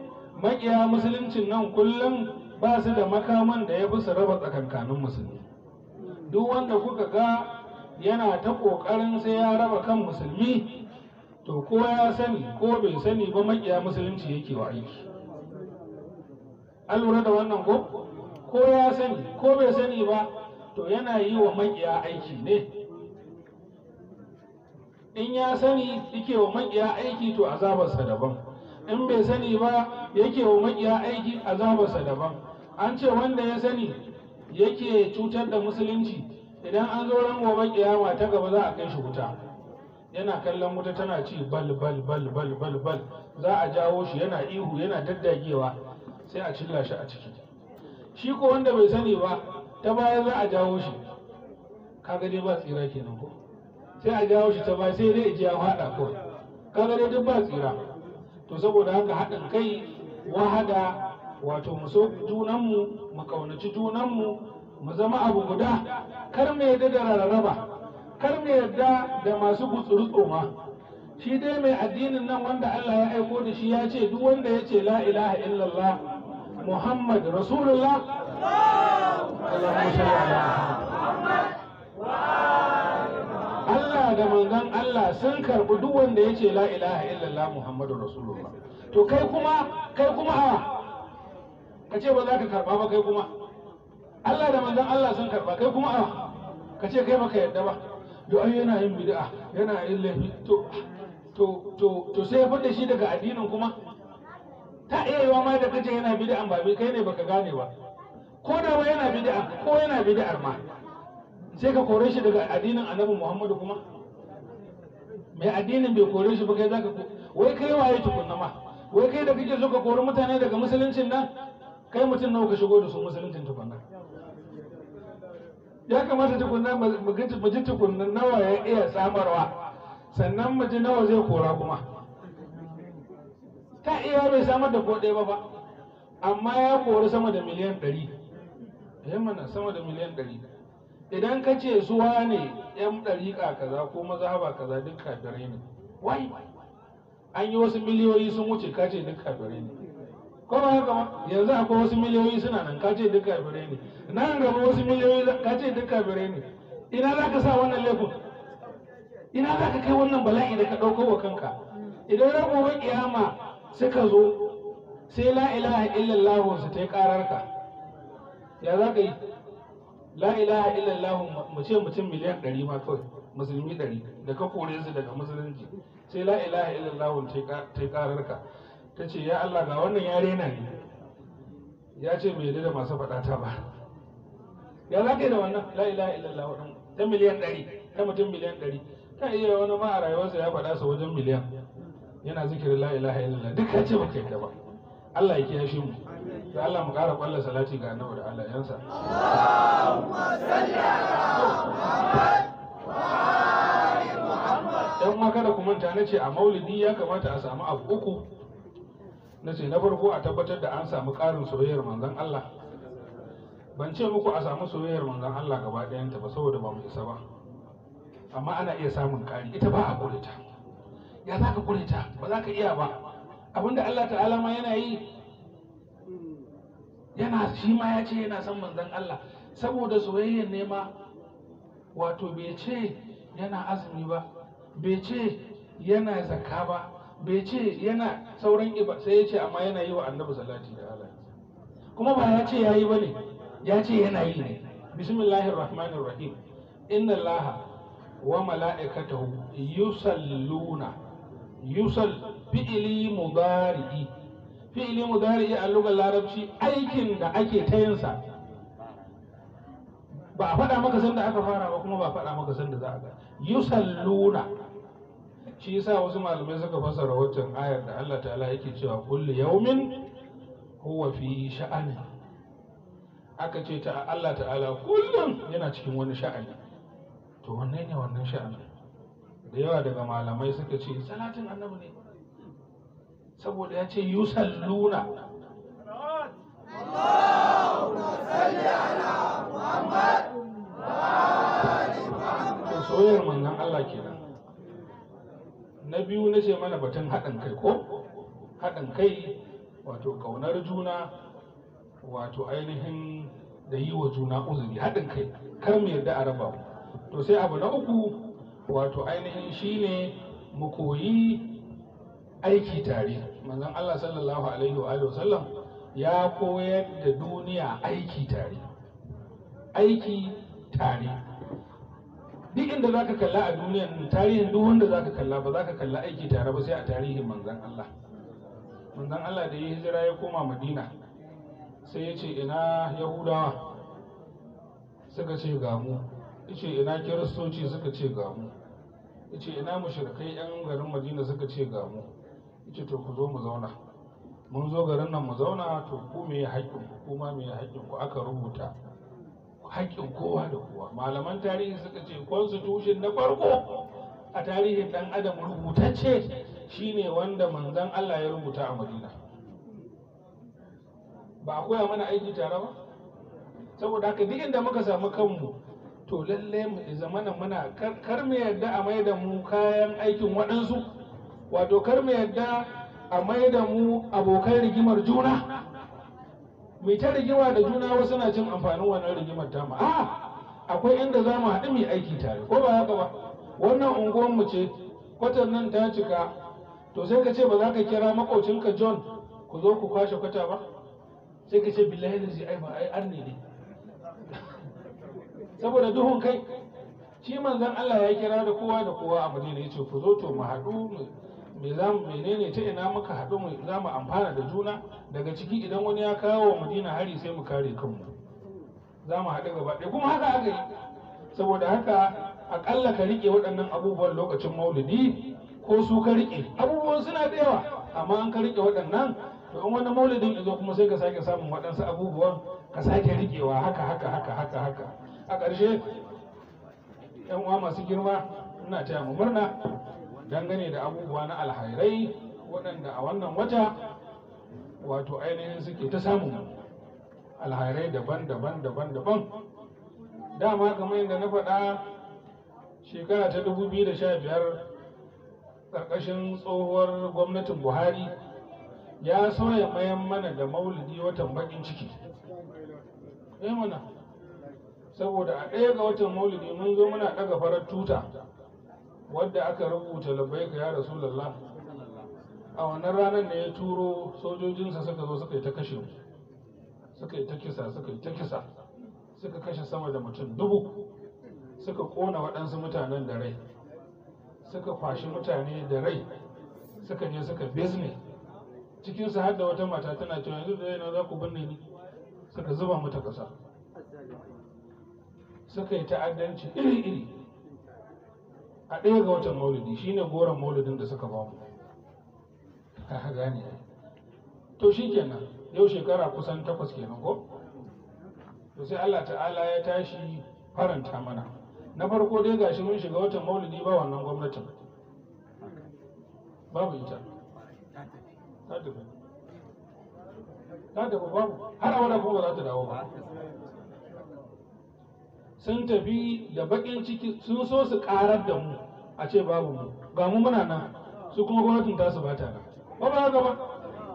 makiya musuluncin nan kullum ba su da makaman da ya fi su raba tsakankanin musulmi duk wanda kuka ga yana ta ƙoƙarin sai ya raba kan musulmi to ko ya sani ko bai sani ba maƙiya musulunci yake wa aiki an lura da wannan ko ko ya sani ko bai sani ba to yana yi wa maƙiya aiki ne in ya sani yake wa maƙiya aiki to azabarsa daban in bai sani ba yake wa maƙiya aiki azabarsa daban an ce wanda ya sani yake cutar da musulunci idan an zo ran gobe kiyama ta gaba za a kai shi wuta yana kallon wuta tana ci bal bal bal bal bal bal za a jawo shi yana ihu yana daddagewa sai a cilla shi a ciki shi ko wanda bai sani ba ta baya za a jawo shi kaga dai ba tsira kenan ko sai a jawo shi ta baya sai dai ji ya fada ko kaga dai duk ba tsira to saboda haka haɗin kai wahada wato mu so junanmu mu kaunaci junanmu mu zama abu guda kar mu yarda da rarraba kar mu yarda da masu gutsuru tsoma shi dai mai addinin nan wanda Allah ya aiko da shi ya ce duk wanda ya ce la ilaha illallah Muhammad Rasulullah Allah da manzon Allah sun karɓi duk wanda ya ce la ilaha illallah Muhammadu Rasulullah to kai kuma kai kuma a ka ce ba za ka karɓa ba kai kuma Allah da manzon Allah sun karba kai kuma a ka ce kai maka yadda ba yo ai yana yin bid'a yana yin laifi to to to to sai ya fada shi daga addinin kuma ta iya yiwa ma da kace yana bid'an ba kai ne baka gane ba ko da ba yana bid'a ko yana bid'ar ma sai ka kore shi daga addinin Annabi Muhammadu kuma mai addinin bai kore shi ba kai zaka wai kai waye tukunna ma wai kai da kike so ka kore mutane daga musuluncin nan kai mutum nawa ka shigo da su musuluncin tukunna ya kamata tukunna mu ji tukunna nawa ya iya samarwa sannan mu ji nawa zai kora kuma ta iya bai samar da ko ɗaya ba ba amma ya kori sama da miliyan ɗari na sama da miliyan ɗari idan ka ce suwa ne yan ka kaza ko maza mazhaba kaza duk kafirai ne wai an yi wasu miliyoyi sun wuce kace duk kafirai ne ko ba haka ba yanzu akwai wasu miliyoyi suna nan ka ce duk kafirai ne nan gaba wasu miliyoyi ka ce duk kafirai ne ina za ka sa wannan laifin ina za ka kai wannan bala'i da ka ɗauko wa kanka idan ragowar kiyama suka zo sai la ilaha illallah su ta yi ƙararka ya za ka yi la ilaha illallah mu ce mutum miliyan ɗari ma kawai musulmi ɗari da ka kore su daga musulunci sai la ilaha illallah ta yi ƙararka ta ce ya Allah ga wannan yare na ne ya ce bai yarda da masu faɗata ba ya za ka yi da wannan la ilaha illallah ta miliyan ɗari ta mutum miliyan ɗari ta iya wani ma a rayuwarsa ya faɗa sa wajen miliyan yana zikirin la ilaha illallah duk ya ce baka da ba Allah ya kiyashe mu da Allah mu ƙara ƙwallon salati ga annabi da Allah yansa Allahumma salli ala Muhammad wa ali Muhammad dan ma kada ku manta nace a maulidi ya kamata a samu abu uku na ce na farko a tabbatar da an samu ƙarin soyayyar manzon Allah ban ce muku a samu soyayyar manzon Allah gaba ɗayanta ba saboda ba mu isa ba amma ana iya samun ƙari ita ba a kure ta ya za ka kure ba za ka iya ba abinda Allah ta'ala ma yana yi yana shi ma ya ce yana son manzon Allah saboda soyayyar nema wato bai ce yana azumi ba bai ce yana zakka ba bai ce yana sauran iba sai ya ce amma yana yi wa annabi salati da ala kuma ba ya ce ya yi ba ne ya ce yana yi ne bismillahir rahmanir rahim inna allaha wa mala'ikatahu yusalluna yusal fi'ili mudari'i fi'ili mudari'i a lugar larabci aikin da ake ta yinsa ba a faɗa maka sanda aka fara ba kuma ba a faɗa maka sanda za a ga yusalluna shi yasa wasu malamai suka fassara wancan ayar da Allah ta'ala yake cewa kullu yaumin huwa fi sha'ani aka ce ta Allah ta'ala kullum yana cikin wani sha'ani to wannan ne wannan sha'ani da yawa daga malamai suka ce salatin annabi ne saboda ya ce yusalluna Allahumma salli ala Muhammad wa ali Muhammad soyayyar manzon Allah kenan na biyu na ce mana batun haɗin kai ko haɗin kai wato ƙaunar juna wato ainihin da yi wa juna uzuri haɗin kai kar mu yarda a raba to sai abu na uku wato ainihin shine mu koyi aiki tare manzon Allah sallallahu alaihi wa alihi wasallam ya koyar da duniya aiki tare aiki tare duk inda za ka kalla a duniyan tarihin duk wanda za ka kalla ba za ka kalla aiki tare ba sai a tarihin manzan Allah manzan Allah da ya hijira ya koma madina sai ya ce ina yahudawa suka ce ga mu ya ce ina kiristoci suka ce ga mu ya ce ina mushrikai yan garin madina suka ce ga mu ya ce to ku zo mu zauna mun zo garin nan mu zauna to ku me haƙƙin ku kuma me haƙƙin ku aka rubuta haƙƙin kowa da kowa malaman tarihi suka ce constitution na farko a tarihin ɗan adam rubutacce shine wanda manzan Allah ya rubuta a madina ba a koya mana aiki tare ba saboda haka duk inda muka samu kanmu to lalle mu zamana muna kar mu yarda a maida mu kayan aikin waɗansu wato kar mu yarda a maida mu abokan rigimar juna mai ta rigima da juna wasu na cin amfanin wannan rigimar ta ma akwai inda za mu haɗu mai aiki tare ko ba haka ba wannan unguwar mu ce kwatar nan ta cika to sai ka ce ba za ka kira makocinka John ku zo ku kwashe kwata ba sai ka ce billahi da ai ba ai arne ne saboda duhun kai shi manzon Allah ya kira da kowa da kowa abu ne ya ce ku zo to mu haɗu me menene ta ina muka haɗu mu za mu amfana da juna daga ciki idan wani ya kawo wa madina hari sai mu kare kanmu za mu haɗu gaba ɗaya kuma haka aka yi saboda haka aƙalla ka riƙe waɗannan abubuwan lokacin maulidi ko su ka riƙe abubuwan suna da yawa amma an ka riƙe waɗannan to in wani maulidin ya zo kuma sai ka sake samun waɗansu abubuwan ka sake riƙewa haka haka haka haka haka a ƙarshe yan uwa masu girma ina taya mu murna dangane da abubuwa na alhairai waɗanda a wannan wata wato ainihin suke ta samu alhairai daban-daban daban-daban dama kamar yadda na faɗa shekara ta 2015 ƙarƙashin tsohuwar gwamnatin buhari ya sauya mayan mana da maulidi watan bakin ciki eh saboda a ɗaya ga watan maulidi mun zo muna ɗaga farar tuta wadda aka rubuta labbaika ya rasulullah a wannan ranar ne ya turo sojojinsa suka zo suka yi ta kashe mu suka yi ta kisa suka yi ta kisa suka kashe sama da mutum dubu suka kona waɗansu mutanen da rai suka kwashi mutane da rai suka je suka bizne cikinsu har da wata mata tana cewa yanzu da yana za ku binne ni suka zuba mata kasa suka yi ta'addanci iri-iri a ɗaya ga watan maulidi shine goron maulidin da suka bamu ka gani to shi kenan yau shekara kusan takwas kenan ko to sai Allah ta'ala ya tashi faranta mana na farko dai gashi mun shiga watan maulidi ba wannan gwamnatin babu ita ta tafi ta tafi babu har a wadda kuma za ta dawo ba sun tafi da bakin ciki sun so su karar da mu a ce babu mu ga mu muna nan su kuma gwamnatin tasu ba ta nan ba ba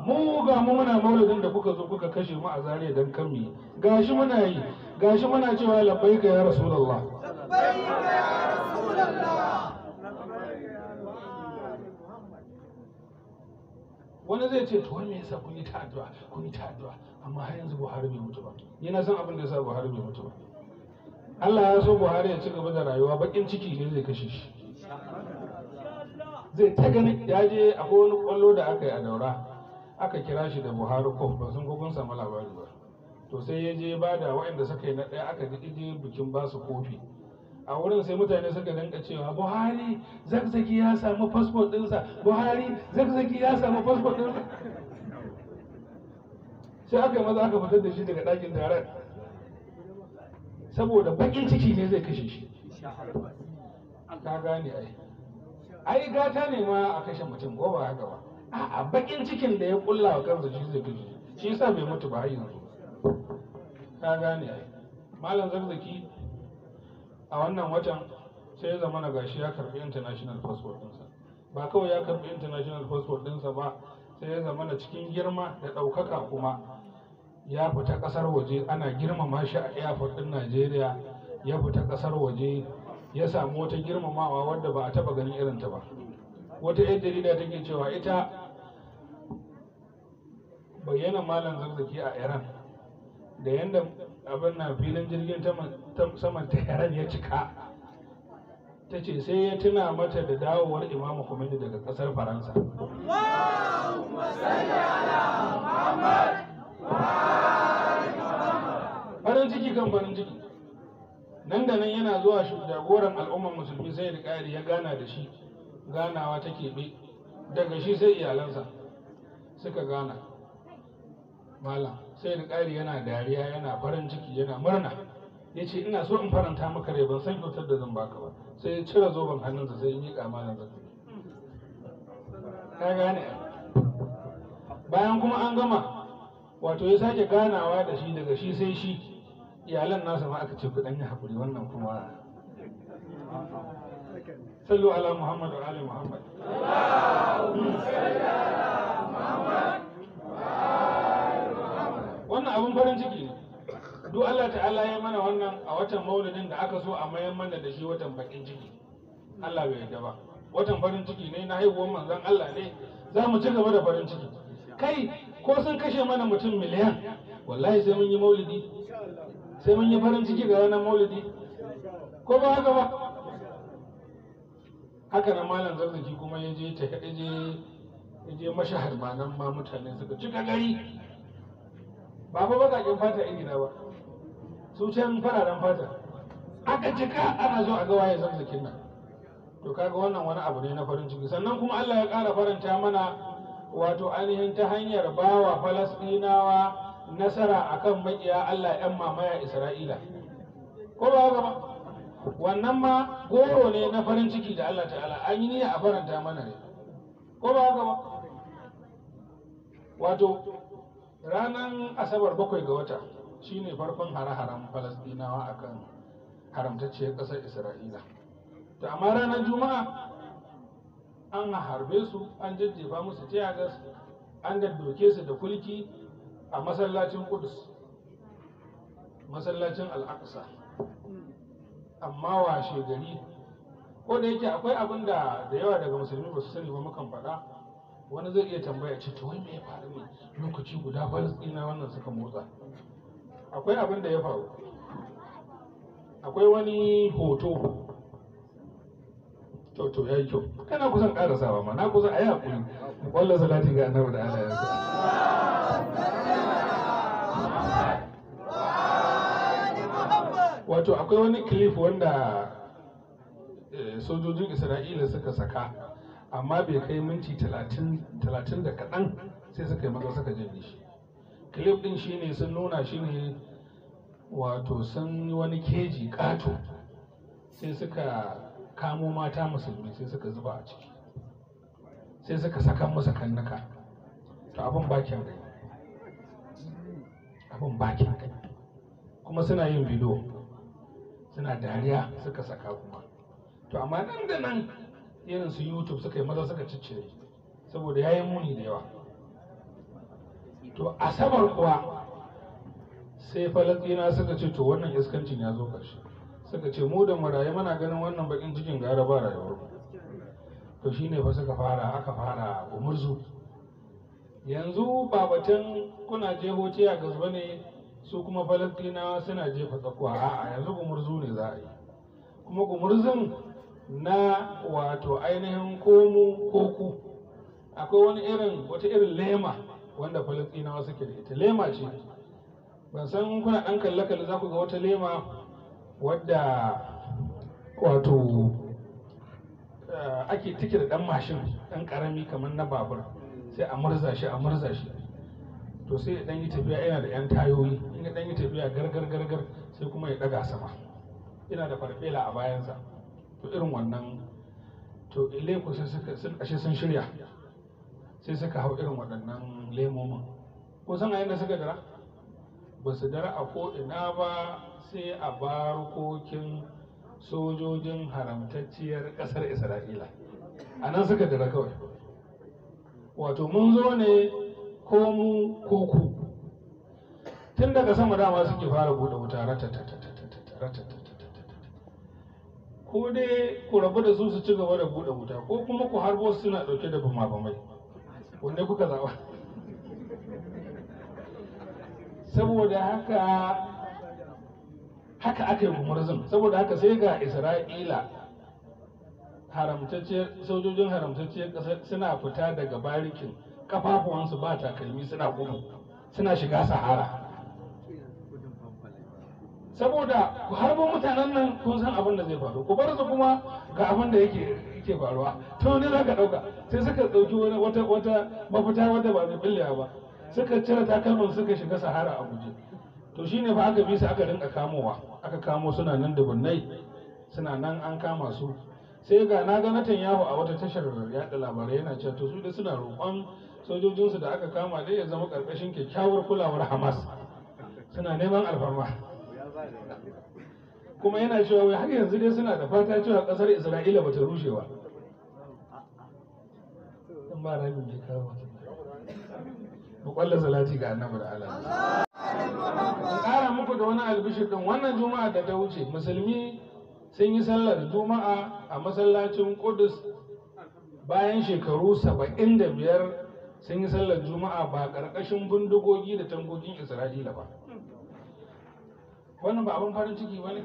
mu ga mu muna mauludin da kuka zo kuka kashe mu a zariya dan kan mu gashi muna yi gashi muna cewa labbaika ya rasulullah labbaika ya rasulullah wani zai ce to wani yasa kun yi ta addu'a kun yi ta addu'a amma har yanzu Buhari bai mutu ba yana san abin da yasa Buhari bai mutu ba Allah ya so Buhari ya ci gaba da rayuwa bakin ciki ne zai kashe shi zai ta gani ya je akwai wani kwallo da aka yi a daura aka kira shi da Buhari kof ba sun kun samu labari ba to sai ya je ba da waɗanda suka yi na ɗaya aka ji ije bikin ba su kofi a wurin sai mutane suka danka cewa buhari zagzagi ya samu fasfot ɗinsa buhari zagzagi ya samu fasfot ɗinsa sai aka yi maza aka fitar da shi daga ɗakin taron saboda bakin ciki ne zai kashe shi ka gane ai ai gata ne ma a kashe mutum ko ba haka ba a'a bakin cikin da ya kulla wa kansa shi zai kashe shi yasa bai mutu ba har yanzu ka gane ai malam zarzaki a wannan watan sai ya zama na gashi ya karbi international passport ɗinsa ba kawai ya karbi international passport ɗinsa ba sai ya zama na cikin girma da ɗaukaka kuma ya fita kasar waje ana girmama shi a airport din Najeriya ya fita kasar waje ya samu wata girmamawa wadda ba a taba ganin irin ta ba wata yar jarida take cewa ita bayyana malam zarzaki a Iran da yanda abin na filin jirgin saman Tehran ya cika ta ce sai ya tuna mata da dawowar imamu Khomeini daga kasar Faransa. Wow! Muhammad! farin ciki kan farin ciki nan da nan yana zuwa jagoran al'ummar musulmi sai da ƙari ya gana da shi ganawa ta keɓe daga shi sai iyalansa suka gana malam sai da ƙari yana dariya yana farin ciki yana murna ya ce ina so in faranta maka rai ban san kyautar da zan baka ba sai ya cire zoben hannunsa sai ya miƙa malam zaka ka gane bayan kuma an gama wato ya sake ganawa da shi daga shi sai shi iyalan nasa ma aka ce kudan ya haƙuri wannan kuma sallu ala muhammad wa ali muhammad wannan abun farin ciki ne duk Allah ta'ala ya mana wannan a watan maulidin da aka so a mayan mana da shi watan bakin ciki Allah bai yarda ba watan farin ciki ne na haihuwar manzon Allah ne za mu ci gaba da farin ciki kai ko sun kashe mana mutum miliyan wallahi sai mun yi maulidi sai mun yi farin ciki ga ranar maulidi ko ba haka ba haka nan malam zarzaki kuma ya je ta kaɗe je ya je mashahar ba nan ma mutane suka cika gari ba ba baƙaƙen fata iri na ba su can fararen fata aka cika ana zo a ga waye zarzakin nan to kaga wannan wani abu ne na farin ciki sannan kuma Allah ya ƙara faranta mana wato ainihin ta hanyar bawa Falastinawa nasara akan maƙiya Allah 'yan mamaya Isra'ila ko ba gaba. wannan ma goro ne na farin ciki da Allah ta'ala an yi niyya a faranta mana ne ko ba gaba. wato ranar asabar bakwai ga wata shine farkon hare-haren falasɗinawa akan haramtacciyar ƙasar isra'ila Ta amma ranar juma'a an harbe su an jajjefa musu tiyagas an daddoke su da kulki a masallacin kudus masallacin al'aqsa amma washe gari ko da yake akwai abin da da yawa daga musulmi ba su sani ba mukan faɗa wani zai iya tambaya ce to wai me ya faru ne lokaci guda falastina wannan suka motsa akwai abin da ya faru akwai wani hoto to to yi kyau kana kusan karasawa ma na kusan yi hakuri wallahi salati ga annabi da ala ya wato akwai wani clip wanda eh, sojojin isra'ila suka saka amma bai kai minti talatin da kaɗan sai suka yi maza suka janye shi clip ɗin ne sun nuna shi ne wato sun wani keji ƙato sai suka kamo mata musulmi sai suka zuba a ciki sai suka saka masa kannaka to abin bakin gani abin bakin kai kuma suna yin bido suna dariya suka saka kuma to amma nan da nan irin su youtube suka yi maza suka ciccire saboda ya yi muni da yawa to asabar kuwa sai falatina suka ce to wannan iskancin ya zo ƙarshe suka ce mu da marayu muna ganin wannan bakin cikin gara ba rayuwar to shine fa suka fara aka fara umurzu yanzu babatan kuna jeho ce a gaba ne su kuma falastina suna jefa tsakuwa a'a yanzu umurzu ne za a yi kuma umurzun na wato ainihin komu koku akwai wani irin wata irin lema wanda falastinawa suke da ita lema ce ban san kuna ɗan kalle-kalle za ku ga wata lema wadda wato eh, ake tike da ɗan mashin ɗan ƙarami kamar na babur sai a murza shi a murza shi to sai ya ɗan yi tafiya yana da 'yan tayoyi in ya ɗan yi tafiya gargar gargar sai kuma ya ɗaga sama yana da farfela a bayansa to irin wannan to leku sai suka ashe sun shirya sai suka hau irin waɗannan lemomin ko san a yadda suka dara ba su dara a ko ina ba sai a barkokin sojojin haramtacciyar ƙasar isra'ila a nan suka dara kawai wato mun zo ne ko mu ko ku tun daga sama dama suke fara buɗe wuta ko dai ku rabu da su su ci gaba da buɗe wuta ko kuma ku harbo suna ɗauke da bama-bamai wanda kuka zaɓa saboda haka haka aka yi gumurzum saboda haka sai ga isra'ila sojojin haramtacce suna fita daga barikin kafafuwansu ba takalmi suna gudu suna shiga sahara saboda ku harbo mutanen nan kun san abin da zai faru ku bar su kuma ga abin da yake yake faruwa to ne za ka ɗauka sai suka ɗauki wata wata mafita wadda ba mai billiya ba suka cire takalmin suka shiga sahara a guje to shi ne ba aka bi su aka rinka kamowa aka kamo suna nan da bunai? suna nan an kama su sai ga na ga natan yawo a wata tashar yada labarai yana cewa to su da suna roƙon sojojinsu da aka kama dai ya zama karkashin kyakkyawar kulawar hamas suna neman alfarma kuma yana cewa wai har yanzu dai suna da fata cewa kasar isra'ila bata rushe ba ba bai kawo Ba kwallo salati ga annabi da Allah ƙara muku da wani albishir din wannan juma'a da ta wuce musulmi sun yi sallar juma'a a masallacin kudus bayan shekaru saba'in da biyar sun yi sallar juma'a ba ƙarƙashin bindigogi da tangogin isra'ila ba wannan ba abin farin ciki ba ne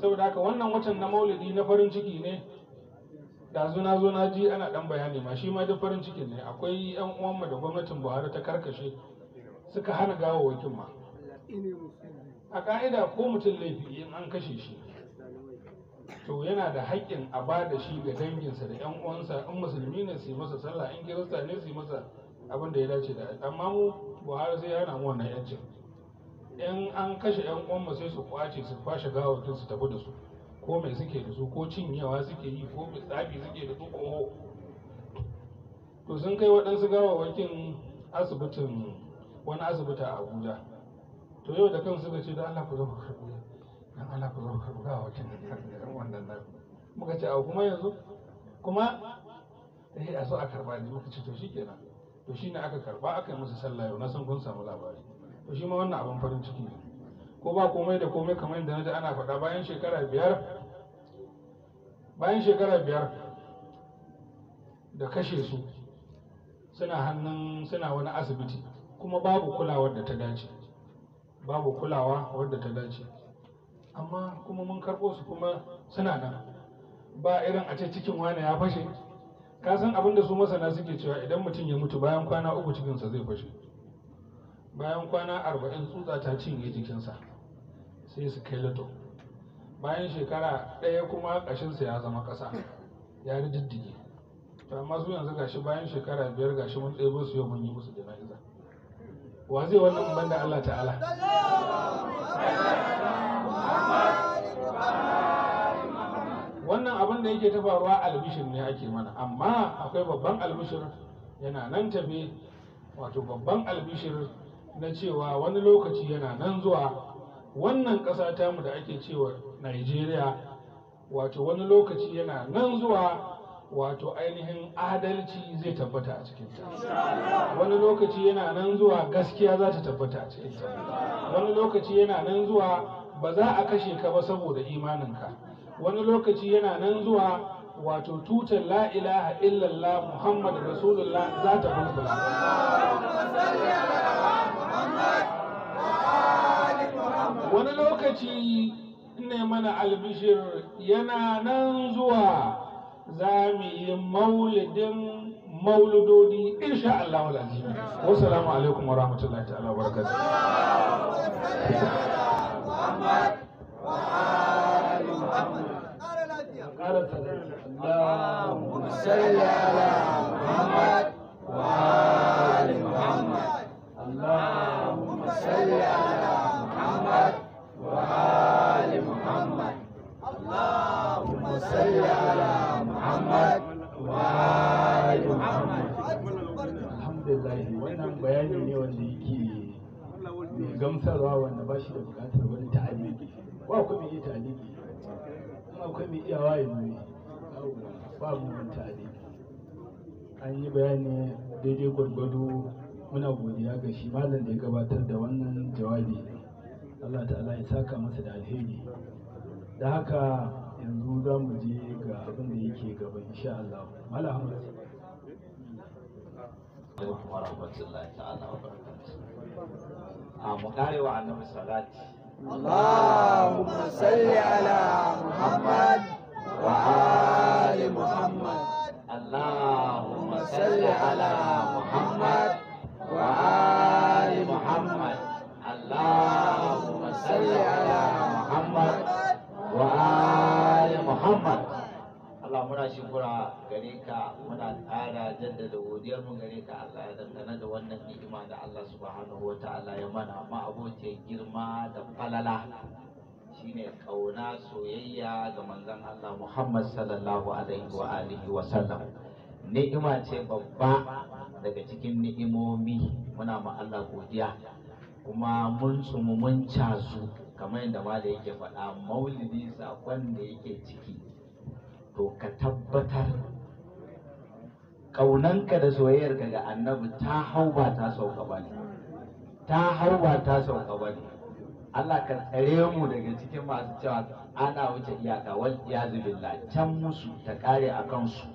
saboda haka wannan watan na maulidi na farin ciki ne da zuna zuna ji ana dan bayani ma shi ma duk farin ciki ne akwai yan uwanmu da gwamnatin buhari ta karkashe suka hana gawawakin ma a ƙa'ida ko mutum laifi in an kashe shi to yana da haƙƙin a ba da shi ga danginsa da yan uwansa in musulmi ne su yi masa sallah in kirista ne su yi masa abin da ya dace da amma mu buhari sai yana mu wannan yancin in an kashe yan uwanmu sai su kwace su kwashe gawakin su tafi da su ko mai suke da su ko cinyewa suke yi ko mai tsafi suke da su ko to sun kai waɗansu gawawakin asibitin wani asibiti a abuja to yau da kansu suka ce da Allah ku zo ku karɓi dan Allah ku zo ku karɓi ga wakil da wannan nan muka ce a kuma yanzu kuma eh a zo a karɓa ne muka ce to shikenan to shine aka karɓa aka yi musu sallah yau na san kun samu labari to shi ma wannan abin farin ciki ne ko ba komai da komai kamar yadda naji ana faɗa bayan shekara biyar bayan shekara biyar da kashe su suna hannun suna wani asibiti kuma babu kulawar da ta dace babu kulawa wadda ta dace amma kuma mun karɓo su kuma suna nan ba irin a ce cikin wani ya fashe ka san abin da su masana suke cewa idan mutum ya mutu bayan kwana uku cikinsa zai fashe bayan kwana arba'in tsutsa ta cinye jikinsa sai su kai lato. bayan shekara ɗaya kuma ƙashinsa ya zama ƙasa ya riddige to amma su yanzu gashi bayan shekara biyar gashi mun ɗebo su yau mun yi musu jana'iza wa zai wannan da Allah ta'ala wannan abin da yake ta faruwa albishin ne ake mana amma akwai babban albishir yana nan tafe wato babban albishir na cewa wani lokaci yana nan zuwa wannan ƙasa tamu da ake cewa Najeriya wato wani lokaci yana nan zuwa wato ainihin adalci zai tabbata a cikinta wani lokaci yana nan zuwa gaskiya za ta tabbata a cikinta wani lokaci yana nan zuwa ba za a kashe ka ba saboda imaninka wani lokaci yana nan zuwa wato tutar la ilaha illallah muhammad rasulullah za ta bambara wani lokaci ne mana albishir yana nan zuwa za mu yi maulidin mauludodi insha Allah wal azim wassalamu alaikum wa rahmatullahi ta'ala wa barakatuh اللهم صل على biyu ba mu mutane an yi bayani daidai gwargwado muna godiya ga shi malam da ya gabatar da wannan jawabi Allah ta'ala ya saka masa da alheri da haka yanzu za mu je ga abin da yake gaba insha Allah malam Ahmad A wa wa a annabi salati Allahumma salli ala Muhammad وآل محمد اللهم صل على محمد وآل محمد اللهم صل على محمد وآل محمد Allah muna shukura gare ka muna ƙara jaddada godiyar mu gare ka Allah ya dangane da wannan ni'ima da Allah subhanahu wa ta'ala ya mana ma abocin girma da falala shine kauna soyayya ga manzon Allah Muhammad sallallahu alaihi wa alihi wa sallam ni'ima ce babba daga cikin ni'imomi muna ma Allah godiya kuma mun tsumu mun cazu kamar yadda mala yake faɗa maulidi sakon da yake ciki to ka tabbatar ƙaunanka da soyayyarka ga annabi ta hau ba ta sauka ba ta hau ta sauka ba Allah ka tsare mu daga cikin masu cewa ana wuce iyaka wal iyazu billah can musu ta kare akan su